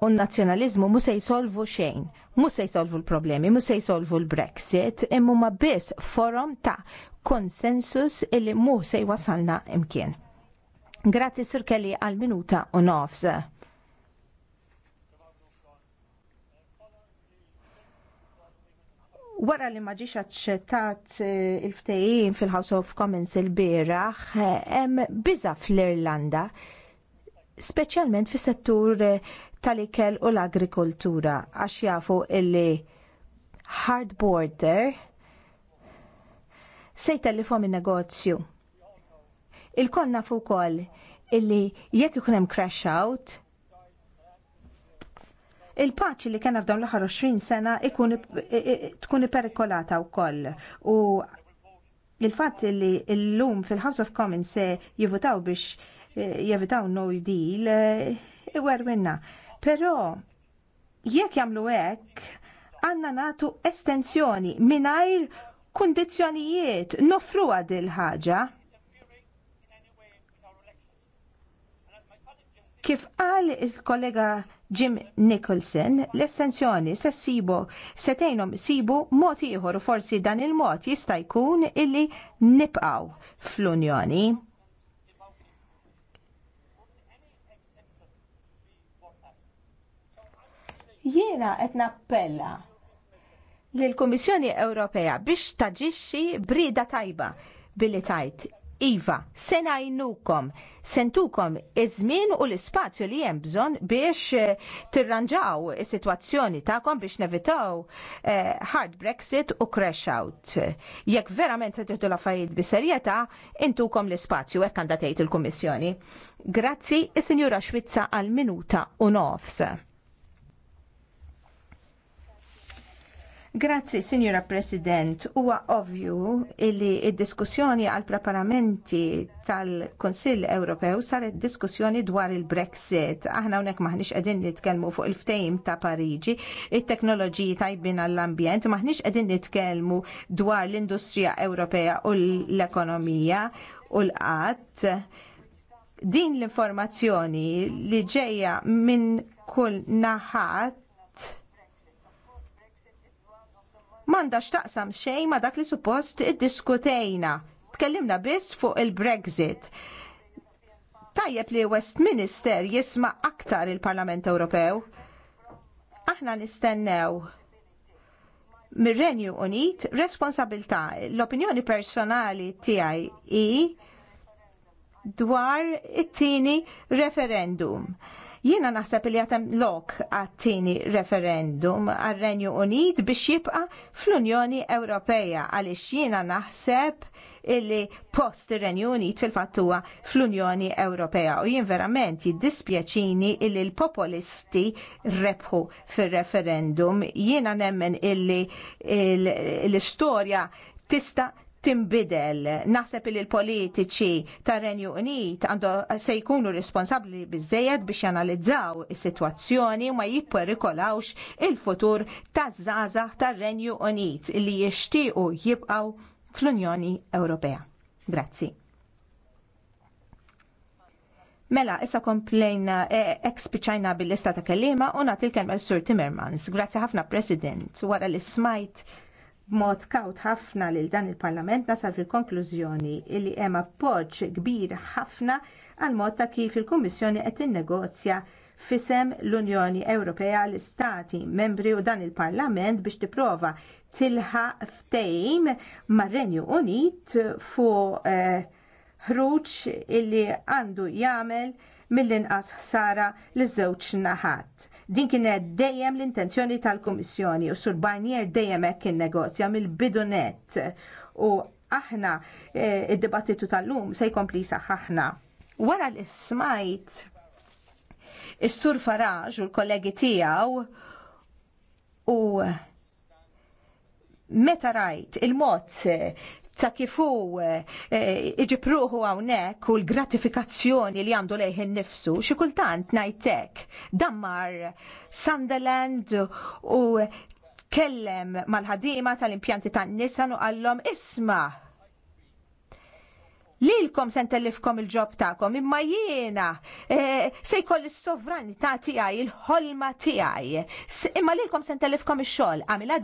u n-nazzjonalizmu mu se jsolvu xejn, mu se jsolvu l-problemi, mu se jsolvu l-Brexit, imma ma biss forum ta' konsensus illi mu se jwasalna imkien. Grazie Sir Kelly għal minuta u nofs. Wara li ma ġiex aċċettat eh, il-ftehim fil-House of Commons il-bieraħ, eh, hemm biża fl-Irlanda, speċjalment fis-settur eh, tal-ikel u l-agrikoltura, għax jafu illi hard border se jtellifhom in-negozju. Il-konna fuq ukoll illi jekk ikun hemm crash out, il-paċi li kena f'dawn l-aħħar 20 sena tkun iperikolata wkoll u il-fatt li l-lum fil-House of Commons se jivutaw biex eh, jevitaw no deal eh, iwerwinna. Però jekk jagħmlu hekk għandna nagħtu estensjoni mingħajr kundizzjonijiet nofruha il ħaġa Kif qal il-kollega Jim Nicholson, l-estensjoni se sibu setejnom sibu mod ieħor u forsi dan il-mod jista' jkun illi nibqgħu fl-Unjoni. Jiena qed nappella lill-Kummissjoni Ewropea biex taġixxi brida tajba billi tajt Iva, se sentukom iż-żmien u l-ispazju li hemm bżonn biex eh, tirranġaw is-sitwazzjoni tagħkom biex nevitaw eh, hard Brexit u crash out. Jekk verament se tieħdu l-affarijiet bis-serjetà, intukom l-ispazju hekk għandha tgħid il-Kummissjoni. Grazzi, is-Sinjura Xwizza għal minuta u nofs. Grazzi, Signora President. Huwa ovvju li id-diskussjoni għal preparamenti tal-Konsill Ewropew saret diskussjoni dwar il-Brexit. Aħna hawnhekk maħniex qegħdin nitkellmu fuq il-ftejm ta' Pariġi, it-teknoloġiji tajbin għall-ambjent, maħniex qegħdin nitkellmu dwar l-industrija Ewropea u l-ekonomija u l-qatt. Din l-informazzjoni li ġejja minn kull naħat m'għandax taqsam xejn ma dak li suppost iddiskutejna. Tkellimna biss fuq il-Brexit. Tajjeb li Westminster jisma' aktar il-Parlament Ewropew. Aħna nistennew mir-Renju Unit responsabilta L-opinjoni personali tiegħi i dwar it-tieni referendum. Jiena naħseb li għatem lok għattini referendum għal-Renju Unit biex jibqa fl-Unjoni Ewropeja għaliex jiena naħseb illi post ir-Renju Unit fil-fattuwa fl-Unjoni Ewropea u jien verament jiddispjaċini illi l-populisti rebħu fil-referendum jiena nemmen illi l-istorja tista timbidel. Naħseb li l-politiċi tar Renju Unit għandu se jkunu responsabbli bizzejed biex janalizzaw is-sitwazzjoni ma jipperikolawx il-futur taż zaza tar Renju Unit li jixtiequ jibqgħu fl-Unjoni Ewropea. Grazzi. Mela, issa komplejna e, ekspiċajna bil-lista ta' kellima u nagħti mel sur Timmermans. Grazzi ħafna, President, wara li smajt b'mod kawt ħafna lil dan il-Parlament nasal fil-konklużjoni li hemm appoġġ kbir ħafna għal mod ta' kif il-Kummissjoni qed tinnegozja fisem l-Unjoni Ewropea l-Istati membri u dan il-Parlament biex tipprova tilħaq ftehim mar-Renju Unit fuq eh, ħruġ eh, illi għandu jagħmel mill-inqas ħsara l żewġ naħat. Din kienet dejjem l-intenzjoni tal-Kummissjoni u Sur Barnier dejjem hekk innegozja negozja mill-bidunet u aħna eh, id-dibattitu tal-lum se jkompli saħħaħna. Wara l-ismajt is-Sur Faraġ u l-kollegi tiegħu u meta rajt il-mod ta' kifu eh, eh, iġipruħu għawnek u l-gratifikazzjoni li għandu lejh nifsu xikultant najtek dammar Sunderland u kellem mal-ħadima tal-impjanti tan nisan u għallom isma lilkom sen tellifkom il-ġob ta'kom, imma jiena eh, se jkoll is-sovranità tiegħi, il-ħolma tiegħi. Imma lilkom sen tellifkom ix-xogħol, għamilha